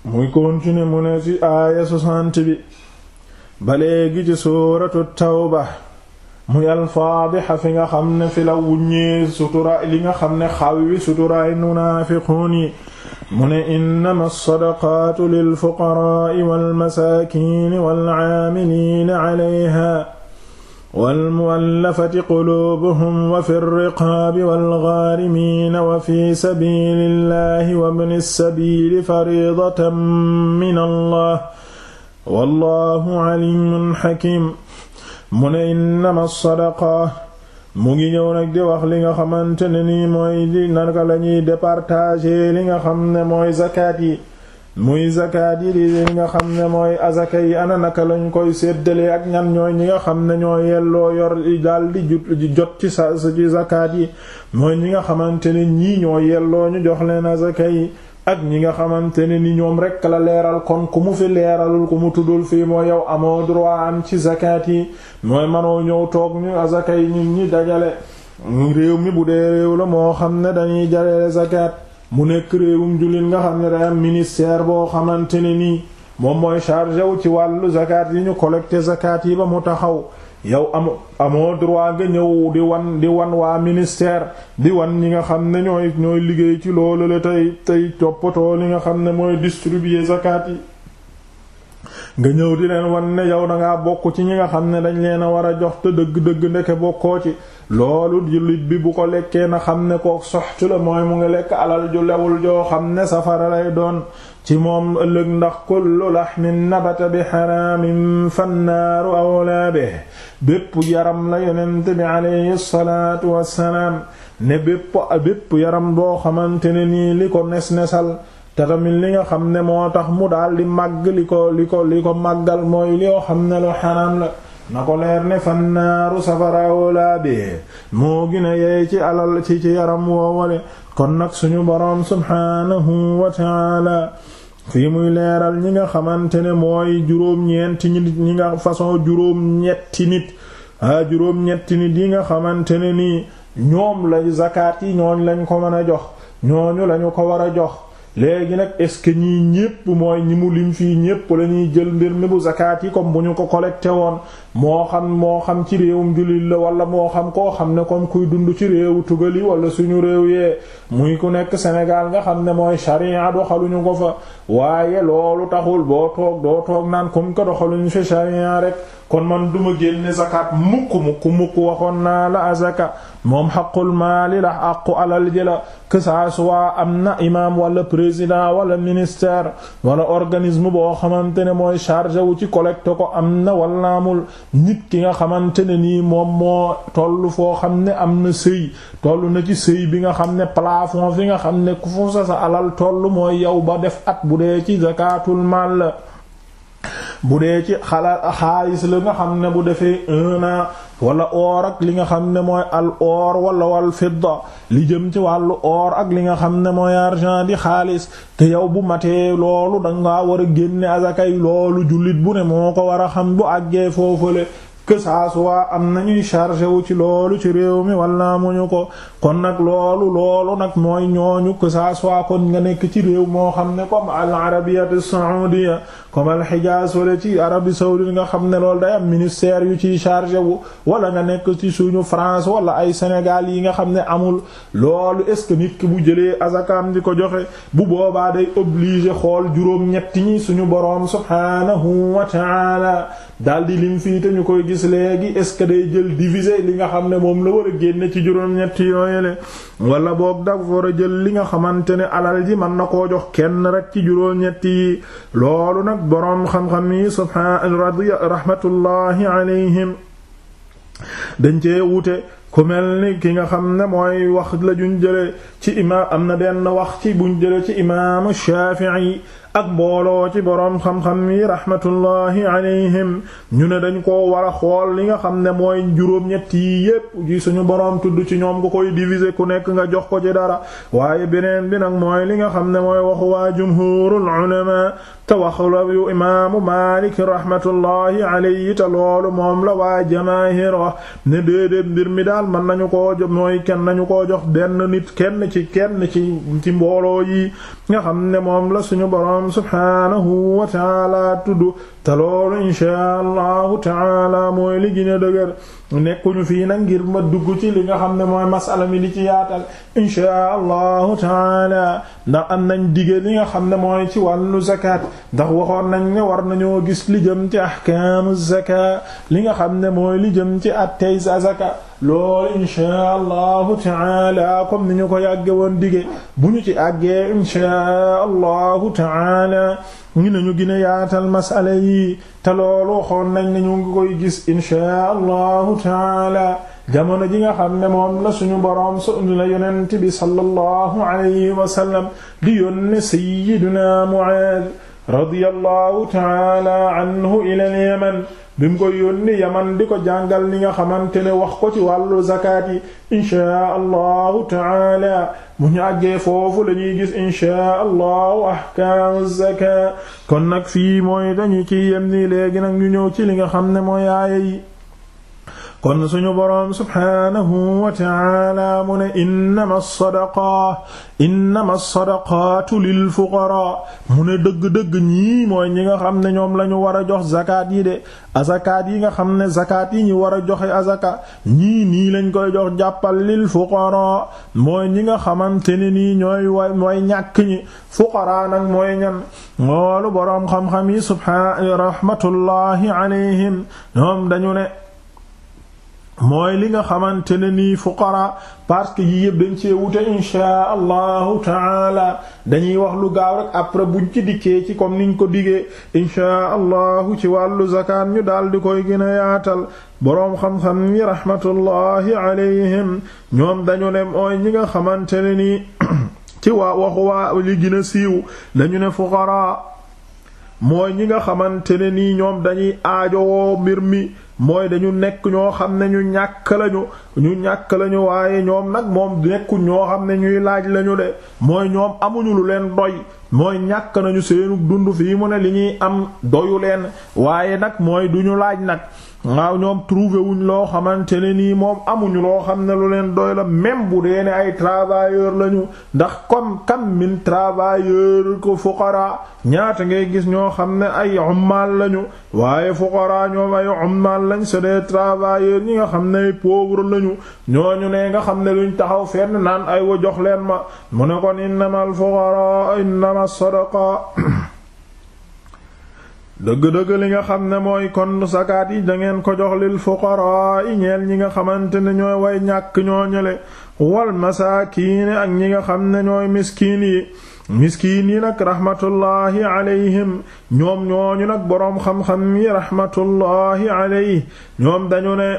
muy continuer mu ne ci aaya 60 bi ba léegi ci suuratu tawba muy alfaadixa fi nga xam ne fi la wuññee sutura li nga xam ne xaw wi suturaay munaafiqun yi mu ne innama alsadaqaatu lilfuqaraai walmasaakiini walcaamiliina calayha walmuwallafati quluubuhum wa fi rriqaabi walgaarimiina wa fi sabiili illahi wabni sabiili fariidatan min allah wallahu caliimun xakiim mu ne innama sadaqaat mu ngi ñëw nag di wax li nga xamante ne nii mooy di naka la ñuy départager li nga xam ne mooy zakat yi muy zakat yi di li nga xam ne mooy azaka yi ana naka lañ koy séddale ak ñan ñooy ñi nga xam ne ñoo yelloo yor daal di ju jot ci sa yi mooy ñi nga xamante ne ñii ñoo yelloo ñu jox leen azaka yi ak ñi nga xamante ne ni ñoom rekk la leeral kon ku mu fi leeralul ku mu tuddul fii mooy yow amoo droit am ci zakat yi mooy manoo ñëw toog ñu azaka yi ñun ñi dajale réew mi bu dee réew la moo xam ne dañuy jaree zakat mu nekk réewum jullit nga xam ne day am ministère boo xamante ne nii moom mooy chargé wu ci wàllu zakat yi ñu collecté zakat yi ba mu taxaw yow am amoo droit nga ñëw di wan di wan waa ministère di wan ñi nga xam ne ñooy ñooy liggéey ci loolu la tey tey toppatoo li nga xam ne mooy distribuer zakat yi nga ñëw di leen wan ne yow da ngaa bokk ci ñi nga xam ne dañ leen a war a jox te dëgg-dëgg ndeke bokkoo ci loolu jullit bi bu ko lekkee na xam ne koo soxtu la mooy mu ngi lekk alal ju lewul joo xam ne safara lay doon ci moom ëllëg ndax kullu lahmin nabata bi xaraamin fannaaru awlaa be bépp yaram la yonent bi alayhi salaatu wassalaam ne bépp bépp yaram boo xamante ne nii li ko nes nesal te tamit li nga xam ne moo tax mu daal di màgg li ko li ko li ko màggal mooy li yoo xam ne lu xaraam la na ko leer ne fannaaru safara wala bee moo gina yey ci alal ci ci yaram woowale kon nag suñu boroom subhaanahu wa taala muy leeral ñi nga xamante ne mooy juróom-ñeenti ñi nga façon juróom-ñetti nit a ah, juróom-ñetti nit yi nga xamante ne nii ñoom lañ zakaat yi ñooñ lañ ko mën a jox ñooñu lañu ko war a jox léegi nag est ce que ñii ñépp mooy ñi mu lim fii ñépp la ñuy jël mbir mi bu zakat yi comme bu ñu ko collecté woon moo xam moo xam ci réewum jullit la wala moo xam koo xam ne comme kuy dund ci réew tugal yi wala suñu réew yee muy ku nekk Sénégal nga xam ne mooy charia doxaluñu ko fa waaye loolu taxul boo toog doo toog naan comme que doxaluñu fi charia rek kon man duma génne zakat mukk mukk mukk waxoon naa la azaka moom xaqul maali la aqu alal ji la que ça soit am na imam wala président wala ministère wala organisme boo xamante ne mooy chargé wu ci collecte ko nit ki nga xamante ne nii moom moo toll foo xam ne am na sëy toll na ci sëy bi nga xam ne plafond fi nga xam ne ku fu sa alal toll mooy yow ba def at bu dee ci zakatul mal bu dee ci xala xaalis la nga xam ne bu defee un wala oor ak li nga xam ne mooy al oor wala wal fidda li jëm ci wàllu oor ak li nga xam ne mooy argent di xaalis te yow bu matee loolu dangaa war a génne azakay loolu jullit bu ne moo ko war a xam bu àggee foofale que ça am am nañuy chargé wu ci loolu ci réew mi wala amuñu ko kon nag loolu loolu nag mooy ñooñu que ça soit kon nga nekk ci réew moo xam ne comme al arabiyat saoudia comme al hijaz wala ci Arabie saoudite nga xam ne loolu day ministère yu ciy chargé wu wala nga nekk ci suñu France wala ay Sénégal yi nga xam ne amul loolu est-ce que nit bu jëlee azakam di ko joxe bu boobaa day obligé xool juróom ñetti ñi suñu boroom subhanahu wa ta'ala daldi lim fii te ñu koy gis léegi est-ce que jël diviser li nga xam ne moom la war génne ci juróom-ñetti yooyele walla boog daf war a jël li nga xamante ne alal ji mën na ko jox kenn rek ci juróom-ñetti yi loolu nag boroom xam-xam yi subhaanahu rahmatullahi alayhim dañ cee wute ku mel ni ki nga xam ne mooy wax la juñ jële ci imaam am na benn wax ci buñ jële ci imaam yi ak mbooloo ci boroom xam-xam yi rahmatullahi alayhim ñu ne dañ ko war a xool li nga xam ne mooy juróom-ñett yépp gi suñu boroom tudd ci ñoom nga koy diviser ku nekk nga jox ko ci dara waaye beneen bi nag mooy li nga xam ne mooy waxu waa jumhurul ulama te waxu la yu imaamu Maalik rahmatullahi alayhi te loolu moom la waa jamaahir wax ne déedéet mbir mi daal mën nañu ko jox mooy kenn nañu ko jox benn nit kenn ci kenn ci ci mbooloo yi nga xam ne moom la suñu boroom boroom subhaanahu wa taala tudd te loolu inshaa allahu taala mooy li gën a dëgër nekkuñu fii nag ngir ma dugg ci li nga xam ne mooy masala mi li ci yaatal inchaa allahu taala ndax am nañ dige li nga xam ne mooy ci wàllu zakat ndax waxoon nañ ne war nañoo gis li jëm ci ahkaamu zaka li nga xam ne mooy li jëm ci attey sa zaka loolu taala comme ni ñu ko yàgge woon dige bu ñu ci àggee inchaa allahu taala ngi nañu gën a yaatal masala yi te loolu waxoon nañ nañu ngi koy gis inchaa allahu taala jamono ji nga xam ne moom la suñu boroom suñu la yonent bi sallallahu alayhi wa sallam di yónne sayyiduna Muaad radiyallahu taala anhu ilal yaman bi mu ko yónni yaman di ko jàngal li nga xamante ne wax ko ci wàllu zakat yi inchaa allahu taala mu ñu àggee foofu la ñuy gis inchaa allahu ahkaamu zakat kon nag fii mooy dañu ci yem nii léegi nag ñu ñëw ci li nga xam ne mooy aaya yi kon suñu boroom subhaanahu wa ta'aala mu ne innama sadaqa innama sadaqaatu lil fuqara mu ne dëgg-dëgg ñii mooy ñi nga xam ne ñoom lañu war a jox zakaat yi de azakaat yi nga xam ne zakaat yi ñu war a joxe azaka ñii nii lañ koy jox jàppal lil fuqara mooy ñi nga xamante ne nii ñooy wa mooy ñàkk ñi fuqara nag mooy ñan loolu boroom xam-xam yi subhaanahu rahmatullahi ñoom dañu ne mooy li nga xamante ne nii fuqara parce que yii yëpp dañ cee wute inshaa allahu taala dañuy wax lu gaaw rek après buñ ci dikkee ci comme niñ ko digee inshaa allahu ci wàllu zakat ñu daal di koy gën a yaatal boroom xam-xam yi rahmatullahi alayhim ñoom dañu ne mooy ñi nga xamante ne nii ci waa waxu waa li gën siiw dañu ne fuqara mooy ñi nga xamante ne nii ñoom dañuy aajowoo mbir mi mooy dañu nekk ñoo xam ne ñu ñàkk lañu ñu ñàkk lañu waaye ñoom nag moom nekku ñoo xam ne ñuy laaj lañu de mooy ñoom amuñu lu leen doy mooy ñàkk nañu seenug dund fii mu ne li ñuy am doyu leen waaye nag mooy duñu laaj nag waaw ñoom trouvé wuñ loo xamante ne nii moom amuñu loo xam ne lu leen doy la même bu dee ne ay travailleurs lañu ndax comme kam min travailleurs ko fuqara ñaata ngay gis ñoo xam ne ay ummal lañu waaye fuqara ñoom ay ummal lañ c'est des travailleurs ñi nga xam ne ay pauvres lañu ñu ne nga xam ne luñ taxaw fenn naan ay wa jox leen ma mu ne kon innamal fuqara innamas sadaqa dëgg-dëgg li nga xam ne mooy kon zakaat yi dangeen ko jox lil fuqaraa yi ñeel ñi nga xamante ne ñooy way ñàkk ñoo ñële wal masaakiini ak ñi nga xam ne ñooy miskiin yi miskiin yi nag rahmatullahi alayhim ñoom ñooñu nag boroom xam-xam yi rahmatullahi alayhi ñoom dañu ne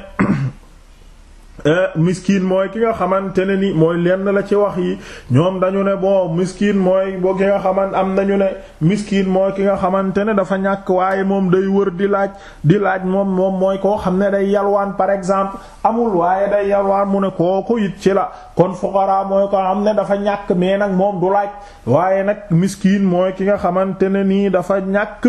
Euh, miskin mooy ki nga xamante ne nii mooy lenn la ci wax yi ñoom dañu ne bon miskin mooy boo ki nga xaman am nañu ne miskin mooy ki nga xamante ne dafa ñàkk waaye moom day wër di laaj di laaj moom mooy koo xam ne day yalwaan par exemple amul waaye mu ne kooku it ci la kon fuqara mooy ko xam ne dafa ñàkk mais nag moom du laaj waaye nag miskin mooy ki nga xamante ne nii dafa ñàkk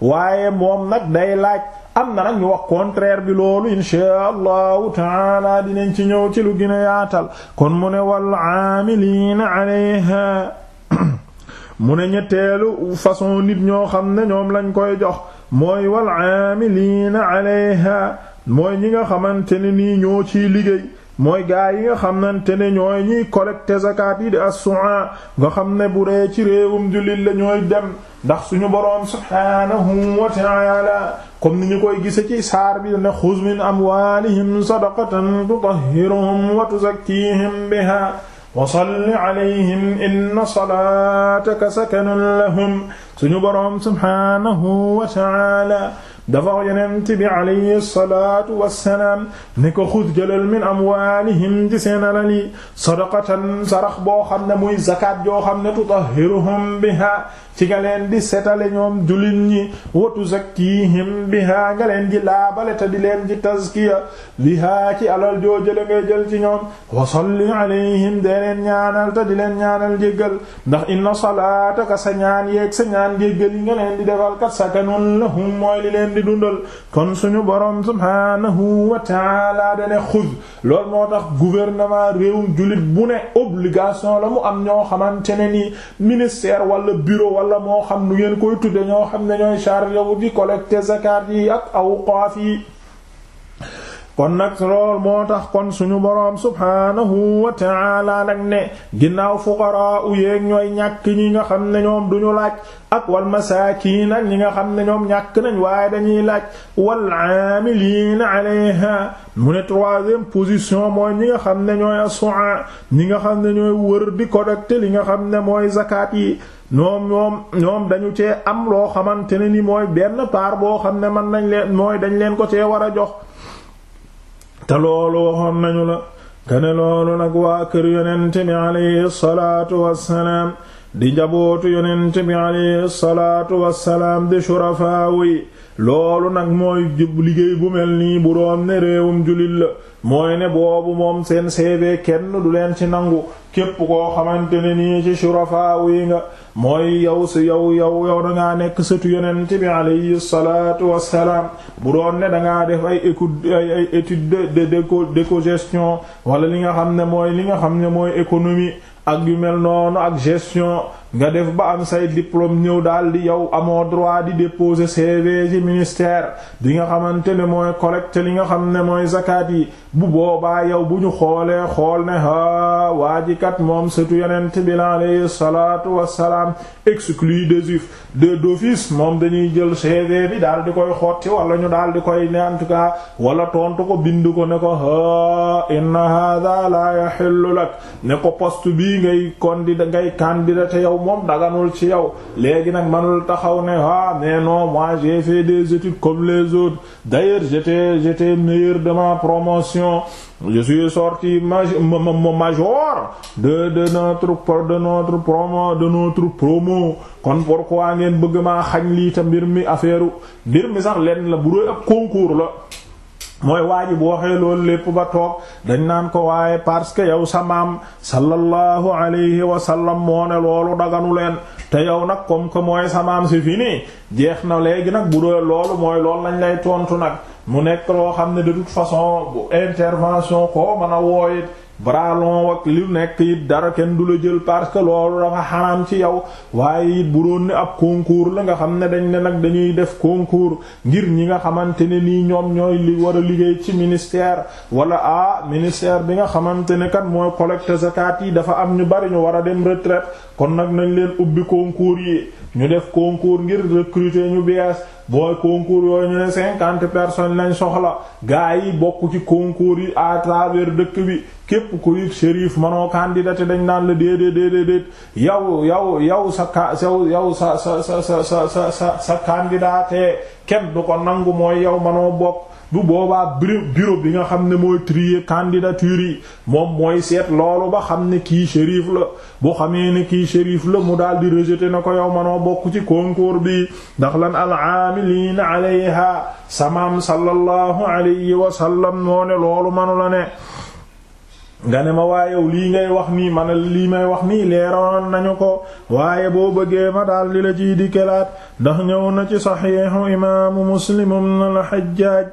waaye moom nag day laaj am na ñu wax contraire bi loolu inshaa allahu taala dinañ ci ñëw ci lu gën a yaatal kon mu ne wal aamiliina alayha mu ne ñetteelu façon nit ñoo xam ne ñoom lañ koy jox mooy wal aamiliina alayha mooy ñi nga xamante ne nii ñoo ci liggéey mooy gaa yi nga xamante ne ñooy ñuy collecter zakat yi di as-su'a nga xam ne bu dee ci réewum jullit la ñooy dem ndax suñu boroom subhaanahu wa ta'ala comme ni ñu koy gise ci saar bi ne xuz min amwalihim sadaqatan tutahhiruhum wa tuzakkihim biha wa salli alayhim inna salataka sakanun lahum suñu boroom subhaanahu wa ta'ala dafa wax yonent bi alayhi salaatu wassalaam ne ko xud jëlal min amwaalihim ci seen alal yi sadaqatan sarax boo xam ne muy zakat joo xam ne tutahhiruhum biha ci nga leen di setale ñoom jullit ñi watu zakkihim biha nga leen ji laabale te di leen ji tazkiya biha ci alal joo jële ngay jël ci ñoom wa salli alayhim di leen ñaanal jéggal ndax inna salaataka sa ñaan yeeg sa ñaan jéggal yi nga leen di defal kat sakanun lahum mooy li leen di dundal kon suñu borom subhanahu wa ta'ala dane xuz loolu moo tax gouvernement réewum jullit bu ne obligation la mu am ñoo xamante ne ni ministère wala bureau wala la moo xam nu ngeen koy tudde ñoo xam ne ñooy chargé wu di collecter zakat yi ak awqaaf yi kon nag lool moo tax kon suñu boroom subhaanahu wa ta'ala nag ne ginnaaw fuqaraa u yeeg ñooy ñàkk ñi nga xam ne ñoom duñu laaj ak wal masaakiin ak ñi nga xam ne ñoom ñàkk nañ waaye dañuy laaj wal aamiliina alayha mu ne troisième position mooy ñi nga xam ne ñooy as-su'a ñi nga xam ne ñooy wër di collecter li nga xam ne mooy zakat yi ñoom ñoom ñoom dañu cee am loo xamante ne ni mooy benn part boo xam ne man nañ leen mooy dañ leen ko cee war a jox te loolu waxoon nañu la kene loolu nag waa kër yonent bi alayhi salaatu wassalaam di jabootu yonent bi alayhi salaatu wassalaam di shurafaa yi loolu nag mooy liggéey bu mel nii bu doon ne réewum jullit la mooy ne boobu moom seen CV kenn du leen ci nangu képp koo xamante ne nii ci shurafa yi nga mooy yow si yow yow yow dangaa nekk sëtu yonent bi alayhi salaatu wassalaam bu doon ne dangaa def ay étude ay étude de d'éco-gestion wala li nga xam ne mooy li nga xam ne mooy économie ak yu mel noonu ak gestion nga def ba am say diplôme ñëw daal di yow amoo droit di déposer CV ci ministère bi nga xamante ne mooy collecte li nga xam ne mooy zakat yi bu boobaa yow bu ñu xoolee xool ne a waa jikat moom surtout yonent bi la alayhi salaatu wassalaam exclu des de d'office moom dañuy jël CV bi daal di koy xotti wala ñu daal di koy ne en wala tontu ko bind ko ne ko a inna hadha la yahillu lak ne ko poste bii ngay candidat ngay candidat yow moom daganul ci yow léegi nag manul taxaw ne ah mais non moi j'ai fait des études comme les autres d'ailleurs j'étais j'étais meilleur de ma promotion je suis sorti major de de notre de notre promo de notre promo kon pourquoi ngeen bëgg maa xañ lii ta mbir mi affaire mbir mi sax lenn la bu dee ab concours la mooy waa ji bu waxee loolu lépp ba toog dañ naan ko waaye parce que yow sa maam sallallahu alayhi wa sallam moo ne loolu daganu leen te yow nag comme que mooy sa maam si fi nii jeex na léegi nag bu dee loolu mooy loolu lañ lay tontu nag mu nekk loo xam ne de toute façon bu intervention koo mën a wooyit bras long ak li nekk it dara kenn du la jël parce que loolu dafa xaraam ci yow waaye it bu doon ne ab concours la nga xam ne dañ ne nag dañuy def concours ngir ñi nga xamante ne nii ñoom ñooy li war a liggéey ci ministère wala ah ministère bi nga xamante ne kat mooy collecte zakat yi dafa am ñu bari ñu war a dem retraite kon nag nañ leen ubbi concours yi ñu def concours ngir recruter ñu bees booy concours yooyu ñu ne cinquante personnes lañ soxla gaa yi bokk ci concours yi à dëkk bi képp ku yit shérif manoo candidaté dañ naan la déedéet déedéet yow yow yow sa ka yow sa sa kenn du ko nangu mooy yow manoo bokk bu boobaa bureau bi nga xam ne mooy trier candidature yi moom mooy seet loolu ba xam ne kii shérif la bu xamee ne kii shérif la mu daal di na ko yow manoo bokk ci concours bi ndax lan al-aamiliina alayha samaam sallallahu alayhi wa sallam noo ne loolu manu la ne nga ne ma waayow lii ngay wax nii man lii may wax nii leeroon nañu ko waaye boo bëggee ma daal di la ciy dikkelaat ndax ñëw na ci saxiixu imaamu muslim ibn al-Hajjaaj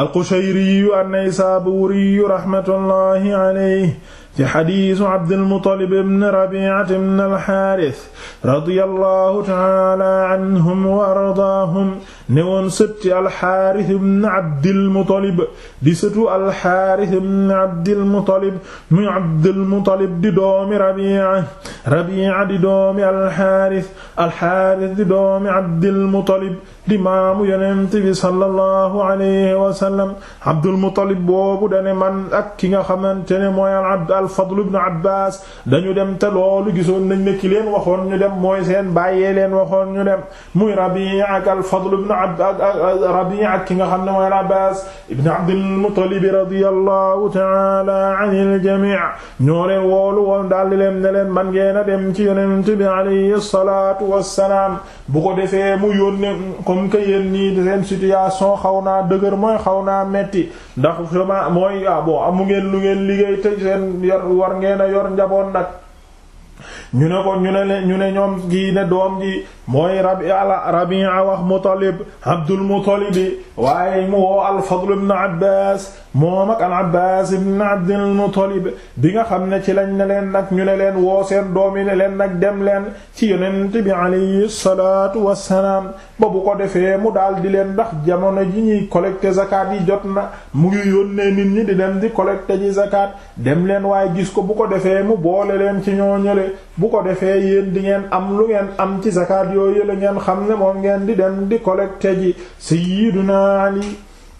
alqushayriyu annaysaabuuriyu raxmatullahi alayhi ci xadiisu abdulmutalib ibn rabiat ibn alxaaris radiyallahu taala anhum wa ardaahum ne woon sëtti alxaaris ibn abdilmutalib di sëtu alxaaris ibn abdilmutalib muy abdulmutalib di doomi rabia rabia di doomi alxaaris alxaaris di doomi abdilmutalib di maamu yonent bi sallallahu alayhi wa sallam Abdul Muttalib boobu dane man ak ki nga xamante ne mooy al al-Fadl ibn Abbas dañu dem te loolu gisoon nañ ne ki leen waxoon ñu dem mooy seen bàyyee leen waxoon ñu dem muy Rabi' ak al-Fadl ibn Abbas Rabi' ak ki nga xam ne mooy al-Abbas ibn Abdul Muttalib radiyallahu ta'ala anil jami' ñoo leen woolu woon daal di leen ne leen man ngeen a dem ci yonent bi alayhi salaatu wassalaam bu ko defee mu yónnee ko comme que yéen nii seen situation xaw naa dëgër mooy xaw naa metti ndax vraiment mooy ah bon amu ngeen lu ngeen liggéey te seen war ngeen a yor njaboot nag ñu ne ko ñu ne leen ñu ne ñoom gi ne doom ji mooy rabi ala Rabi'a wax Muttalib Abdul Muttalib waaye mu woo al-Fadl ibn Abbas moom ak al-Abbas ibn Abdul Muttalib bi nga xam ne ci lañ ne leen nag ñu ne leen woo seen doom yi ne leen nag dem leen ci yonent bi alayhi salaatu wassalaam ba bu ko defee mu daal di leen ndax jamono ji ñuy collecter zakat yi jot na mu ngi yónnee nit ñi di dem di collecter ji zakat dem leen waaye gis ko bu ko defee mu boole leen ci ñooñu bu ko defee yéen di ngeen am lu ngeen am ci zakat yooyu la ngeen xam ne moom ngeen di dem di collecte ji sayyiduna ali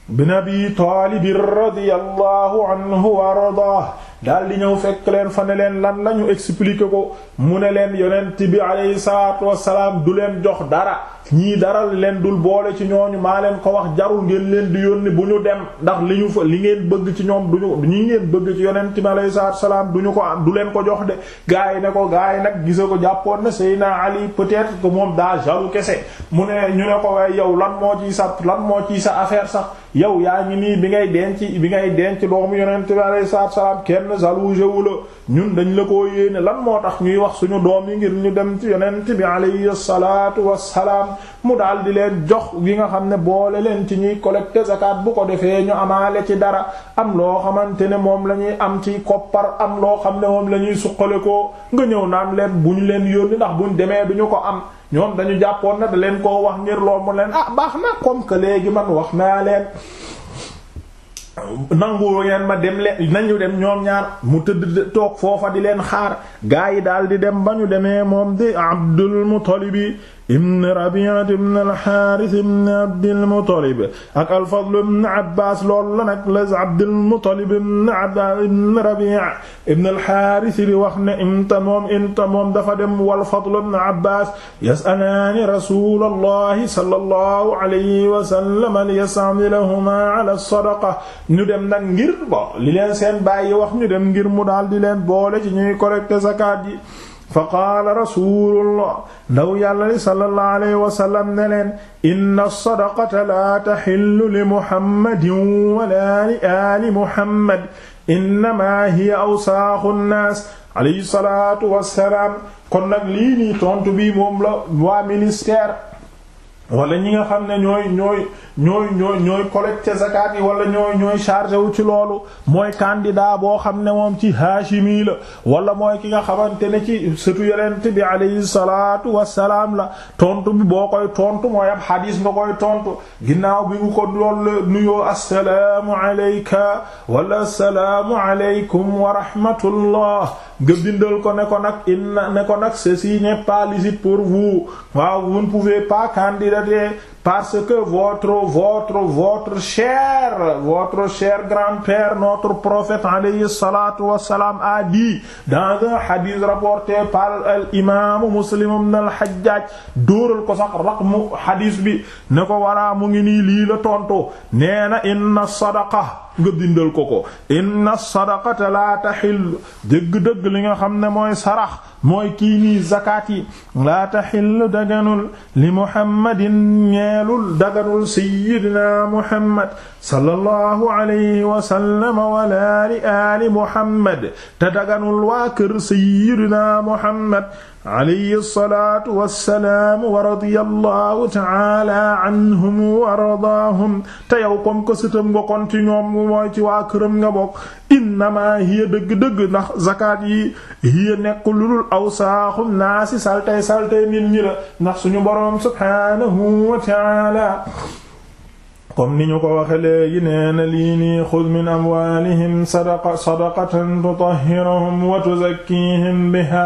bin abi taalib radiyallahu anhu wa ardaah daal di ñëw fekk leen fa ne leen lan lañu expliquer ko mu ne leen yonent bi alayhi salaatu wassalaam du leen jox dara ñii dara leen dul boole ci ñooñu maa leen ko wax jarul ngeen leen di yónni bu ñu dem ndax li ñu fa li ngeen bëgg ci ñoom duñu ñi ngeen bëgg ci yonent mi alayhi salaatu salaam duñu ko du leen ko jox de gars yi ne ko gars yi nag gise ko jàppoon na Seyna Ali peut-être que moom daa jaru kese mu ne ñu ne ko waaye yow lan moo ci sa lan moo ci sa affaire sax yow yaa ngi nii bi ngay denc bi ngay denc doomu yonent mi sa salaatu salaam kenn jalu jewu la ñun dañ la koo yéene lan moo tax ñuy wax suñu doom yi ngir ñu dem ci yonent bi alayhi salaatu wassalaam mu daal di leen jox gi nga xam ne boole leen ci ñuy collecter zakat bu ko defee ñu amaale ci dara am loo xamante ne moom la ñuy am ci koppar am loo xam ne moom la ñuy suqale koo nga ñëw naan leen bu ñu leen yónni ndax buñ demee du ñu ko am ñoom dañu jàppoon na da leen koo wax ngir loo mu leen ah baax na comme que léegi man wax naa leen nangu ngeen ma dem leen nañu dem ñoom ñaar mu tëdd toog foofa di leen xaar gaa yi daal di dem ba ñu demee moom di Abdul Muttalibi ibn Rabi'at ibn al-Harith ibn Abdil Muttalib ak al-Fadl ibn Abbas loolu la nag la Abdil Muttalib ibn Abbas ibn Rabi'a ibn al-Harith li wax ne inta moom inta moom dafa dem wal-Fadl ibn Abbas yas'alaani Rasulallahi sallallahu alayhi wa sallam liyasta'milahuma ala sadaqa ñu dem nag ngir bo li leen seen bàyyi wax ñu dem ngir mu daal di leen boole ci ñuy collecter zakat yi fa qaala rasulullah ndaw yàlla li sallallahu alayhi wa sallam ne leen inna sadaqata laa taxillu li muhammadin wala li aali muhammad innamaa hiya awsaaxu nnaas alayhi salaatu wassalaam kon nag lii nii tontu bi moom la waa ministère wala ñi nga xam ne ñooy ñooy ñooy ñooy ñooy collecte zakat yi wala ñooy ñooy chargé wu ci loolu mooy candidat boo xam ne moom ci haashimi la wala mooy ki nga xamante ne ci sëtu yonent bi alayhi salaatu wassalaam la tontu bi boo koy tontu mooy ab hadis nga koy tontu ginnaaw bi nga ko loolu nuyoo assalaamu alayka wala assalaamu alaykum wa rahmatullah nga bindal ko ne ko nag inna ne ko nag ceci n'est pas licite pour vous waaw vous ne pouvez pas candidater parce que votre votre cher grand-père notre prophète alayhi salatu wassalam a dit dans un hadith rapporté par al imam Muslim ibn al Hajjaj dóoral ko sax raqmu hadith bi ne ko waraa mu ngi nii lii tonto nee na inna sadaqa nga bindal ko ko inna sadaqata la taxill dëgg-dëgg li nga xam ne mooy sarax mooy kii nii la taxill daganul li Muhammadin daganalul daganul sayyidina Muhammad sallallahu alayhi wa sallam wala li aali muhammad te daganul waa kër sayyidina muhammad alayhi salaatu wassalaam wa radiyallahu ta'ala anhum wa radaahum te yow comme que sëtam nga kon ci ñoom mooy ci waa këram nga bokk innama hiya dëgg-dëgg ndax zakat yi hiya nekk lulul aw saaxum naa si saltay saltay nit ñi la ndax suñu boroom subhaanahu wa ta'ala comme ni ñu ko waxe léegi nee na lii nii xud min amwalihim sadaqa sadaqatan tutahhiruhum wa tuzakkihim biha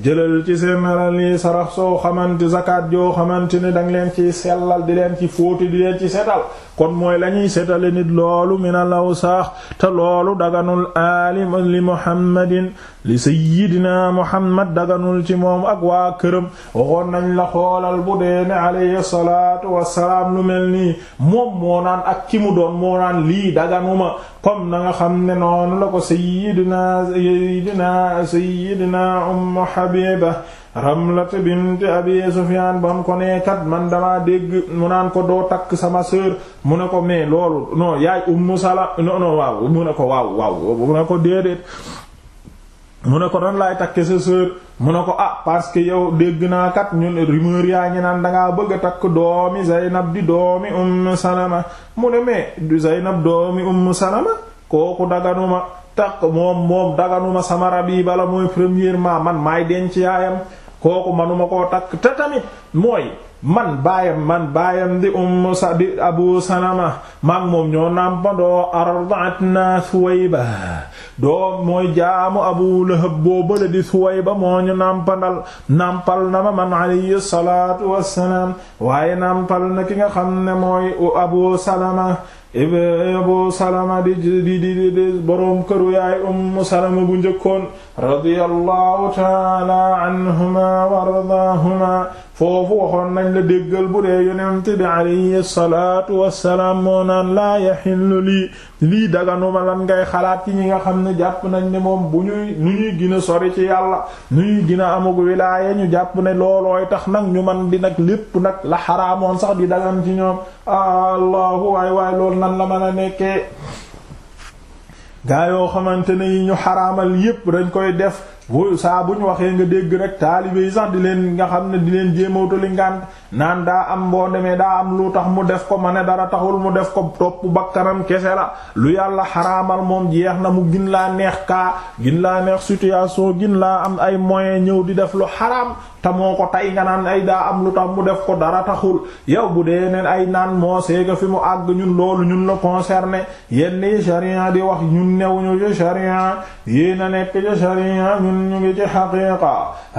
jëlal ci seen alal yi sarax soo xamante zakat joo xamante ne danga leen ci sellal di leen ci fóoti di leen ci setal kon mooy lañuy ñuy setale nit loolu mina law saax te loolu daganul alim li muhammadin li sayyidina muhammad daganul ci moom ak waa këram waxoon nañ la xoolal bu dee ne alayhi salaatu wassalaam lu mel ni moom moo naan ak ki mu doon moo naan lii daganuma comme na nga xam ne noonu la ko sayyidina sayyidina sayyidina Habiba Ramlat bint Abi Sufyaan ba mu ko nee kat man damaa dégg mu naan ko doo takk sama sœur mu ne ko mais loolu noo yaay Ummu Salama non non waaw mu ne ko waaw waaw mu ne ko déedéet mu ne ko nan laay takke sa sœur mu ne ko ah parce yow dégg naa kat ñun yaa ngi naan danga bëgg a takk doomi Zaynab di doomi Umm Salama mu ne mais du Zaynab doomi Umm Salama kooku daganuma tax moom moom daganuma sama rab yi bala mooy premièrement man maay denc yaayam kooku manuma koo takk te tamit mooy man baayam man baayam di umm sa di abu salama maag moom ñoo nàmpandoo ardatna ba doom mooy jaamu abu lahab boo bale di suwayba moo ñu nàmpandal nàmpal na ma man alayhi salaatu wassalaam waaye nàmpal na ki nga xam ne mooy abu salama Abu Salama di di di di boroom këru yaay Ummu Salama bu njëkkoon radiyallahu ta'ala anhuma wa ardaahuma foofu waxoon nañ la déggal bu dee yonent bi alayhi salaatu wassalaam moo naan laa yaxillu lii lii daganuma lan ngay xalaat ci ñi nga xam ne jàpp nañ ne moom bu ñuy nu ñuy gën sori ci yàlla nu ñuy gën a wilaaya ñu jàpp ne loolooy tax nag ñu man di nag lépp nag la xaraamoon sax di dagan ci ñoom allahu waay waay loolu nan la mën a nekkee gaa yoo xamante ne yi ñu xaraamal yépp dañ koy def wuyu saa bu ñu waxee nga dégg rek taalibe yi sax di leen nga xam ne di leen jéemawtali ngant naan daa am boo demee daa am lu tax mu def ko ma ne dara taxul mu def ko topp bakkanam kese la lu yàlla xaraamal moom jeex na mu gin laa neex kaa gin laa neex situation gin laa am ay moyen ñëw di def lu xaraam te moo ko tay nga naan ay daa am lu tax mu def ko dara taxul yow bu dee neen ay naan moo seega fi mu àgg ñun loolu ñun la concerné yenn yi sharia di wax ñun newuñu ci sharia yéen a nekk ci sharia ñun ñu ngi ci xaqiqa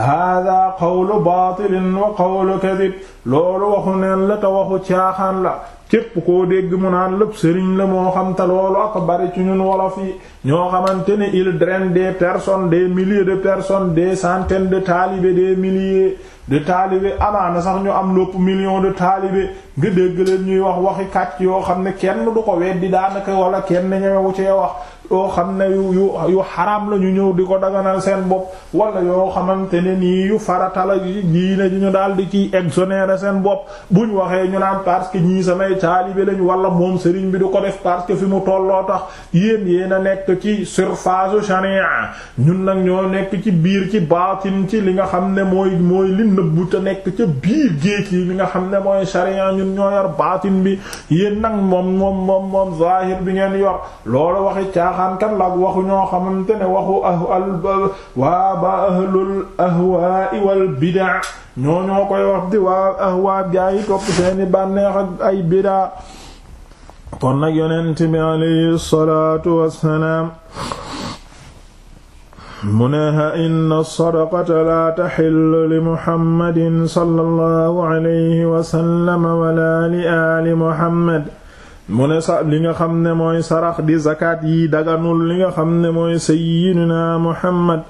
hada qawlu baatilin wa qawlu kadib loolu waxu neen la te waxu caaxaan la képp koo dégg mu naan lépp sëriñ la moo xam te loolu ak bari ci ñun wolof yi ñoo xamante ne il draine des personnes des milliers de personnes des centaines de talibés des milliers de talibés amaana sax ñu am lépp million de talibés nga dégg leen ñuy wax waxi kàcc yoo xam ne kenn du ko weddi daanaka wala kenn ñemewu cee wax. yoo xam ne yu yu yu xaraam la ñu ñëw di ko daganal seen bopp wala yoo xamante ne nii yu farata la ji ne ñu daal di ciy exonéré seen bopp buñ waxee ñu naan parce que ñii samay taalibe lañ wala moom sëriñ bi du ko def parce que fi mu tolloo tax yéen yéen a nekk ci surface charia ñun nag ñoo nekk ci biir ci baatin ci li nga xam ne mooy mooy li nëbbu te nekk ca biir géej yi li nga xam ne mooy charia ñun ñoo yor baatin bi yéen nag moom moom moom moom caaxaankat la ak waxu ñoo xamante ne waxu ah, al waa ba ahlul ahwaa wal bidaa ñoo ñoo koy wax di waa ahwaa gaa yi topp seeni bànneex ak ay bidaa kon nag yonent bi alayhi salaatu wassalaam mu ne ha inna sadaqata laa taxillu li muhammadin sallallahu alayhi wa sallam wa laa li aali muhammad moo ne sa li nga xam ne mooy sarax di zakat yi daganul li nga xam ne mooy na Muhammad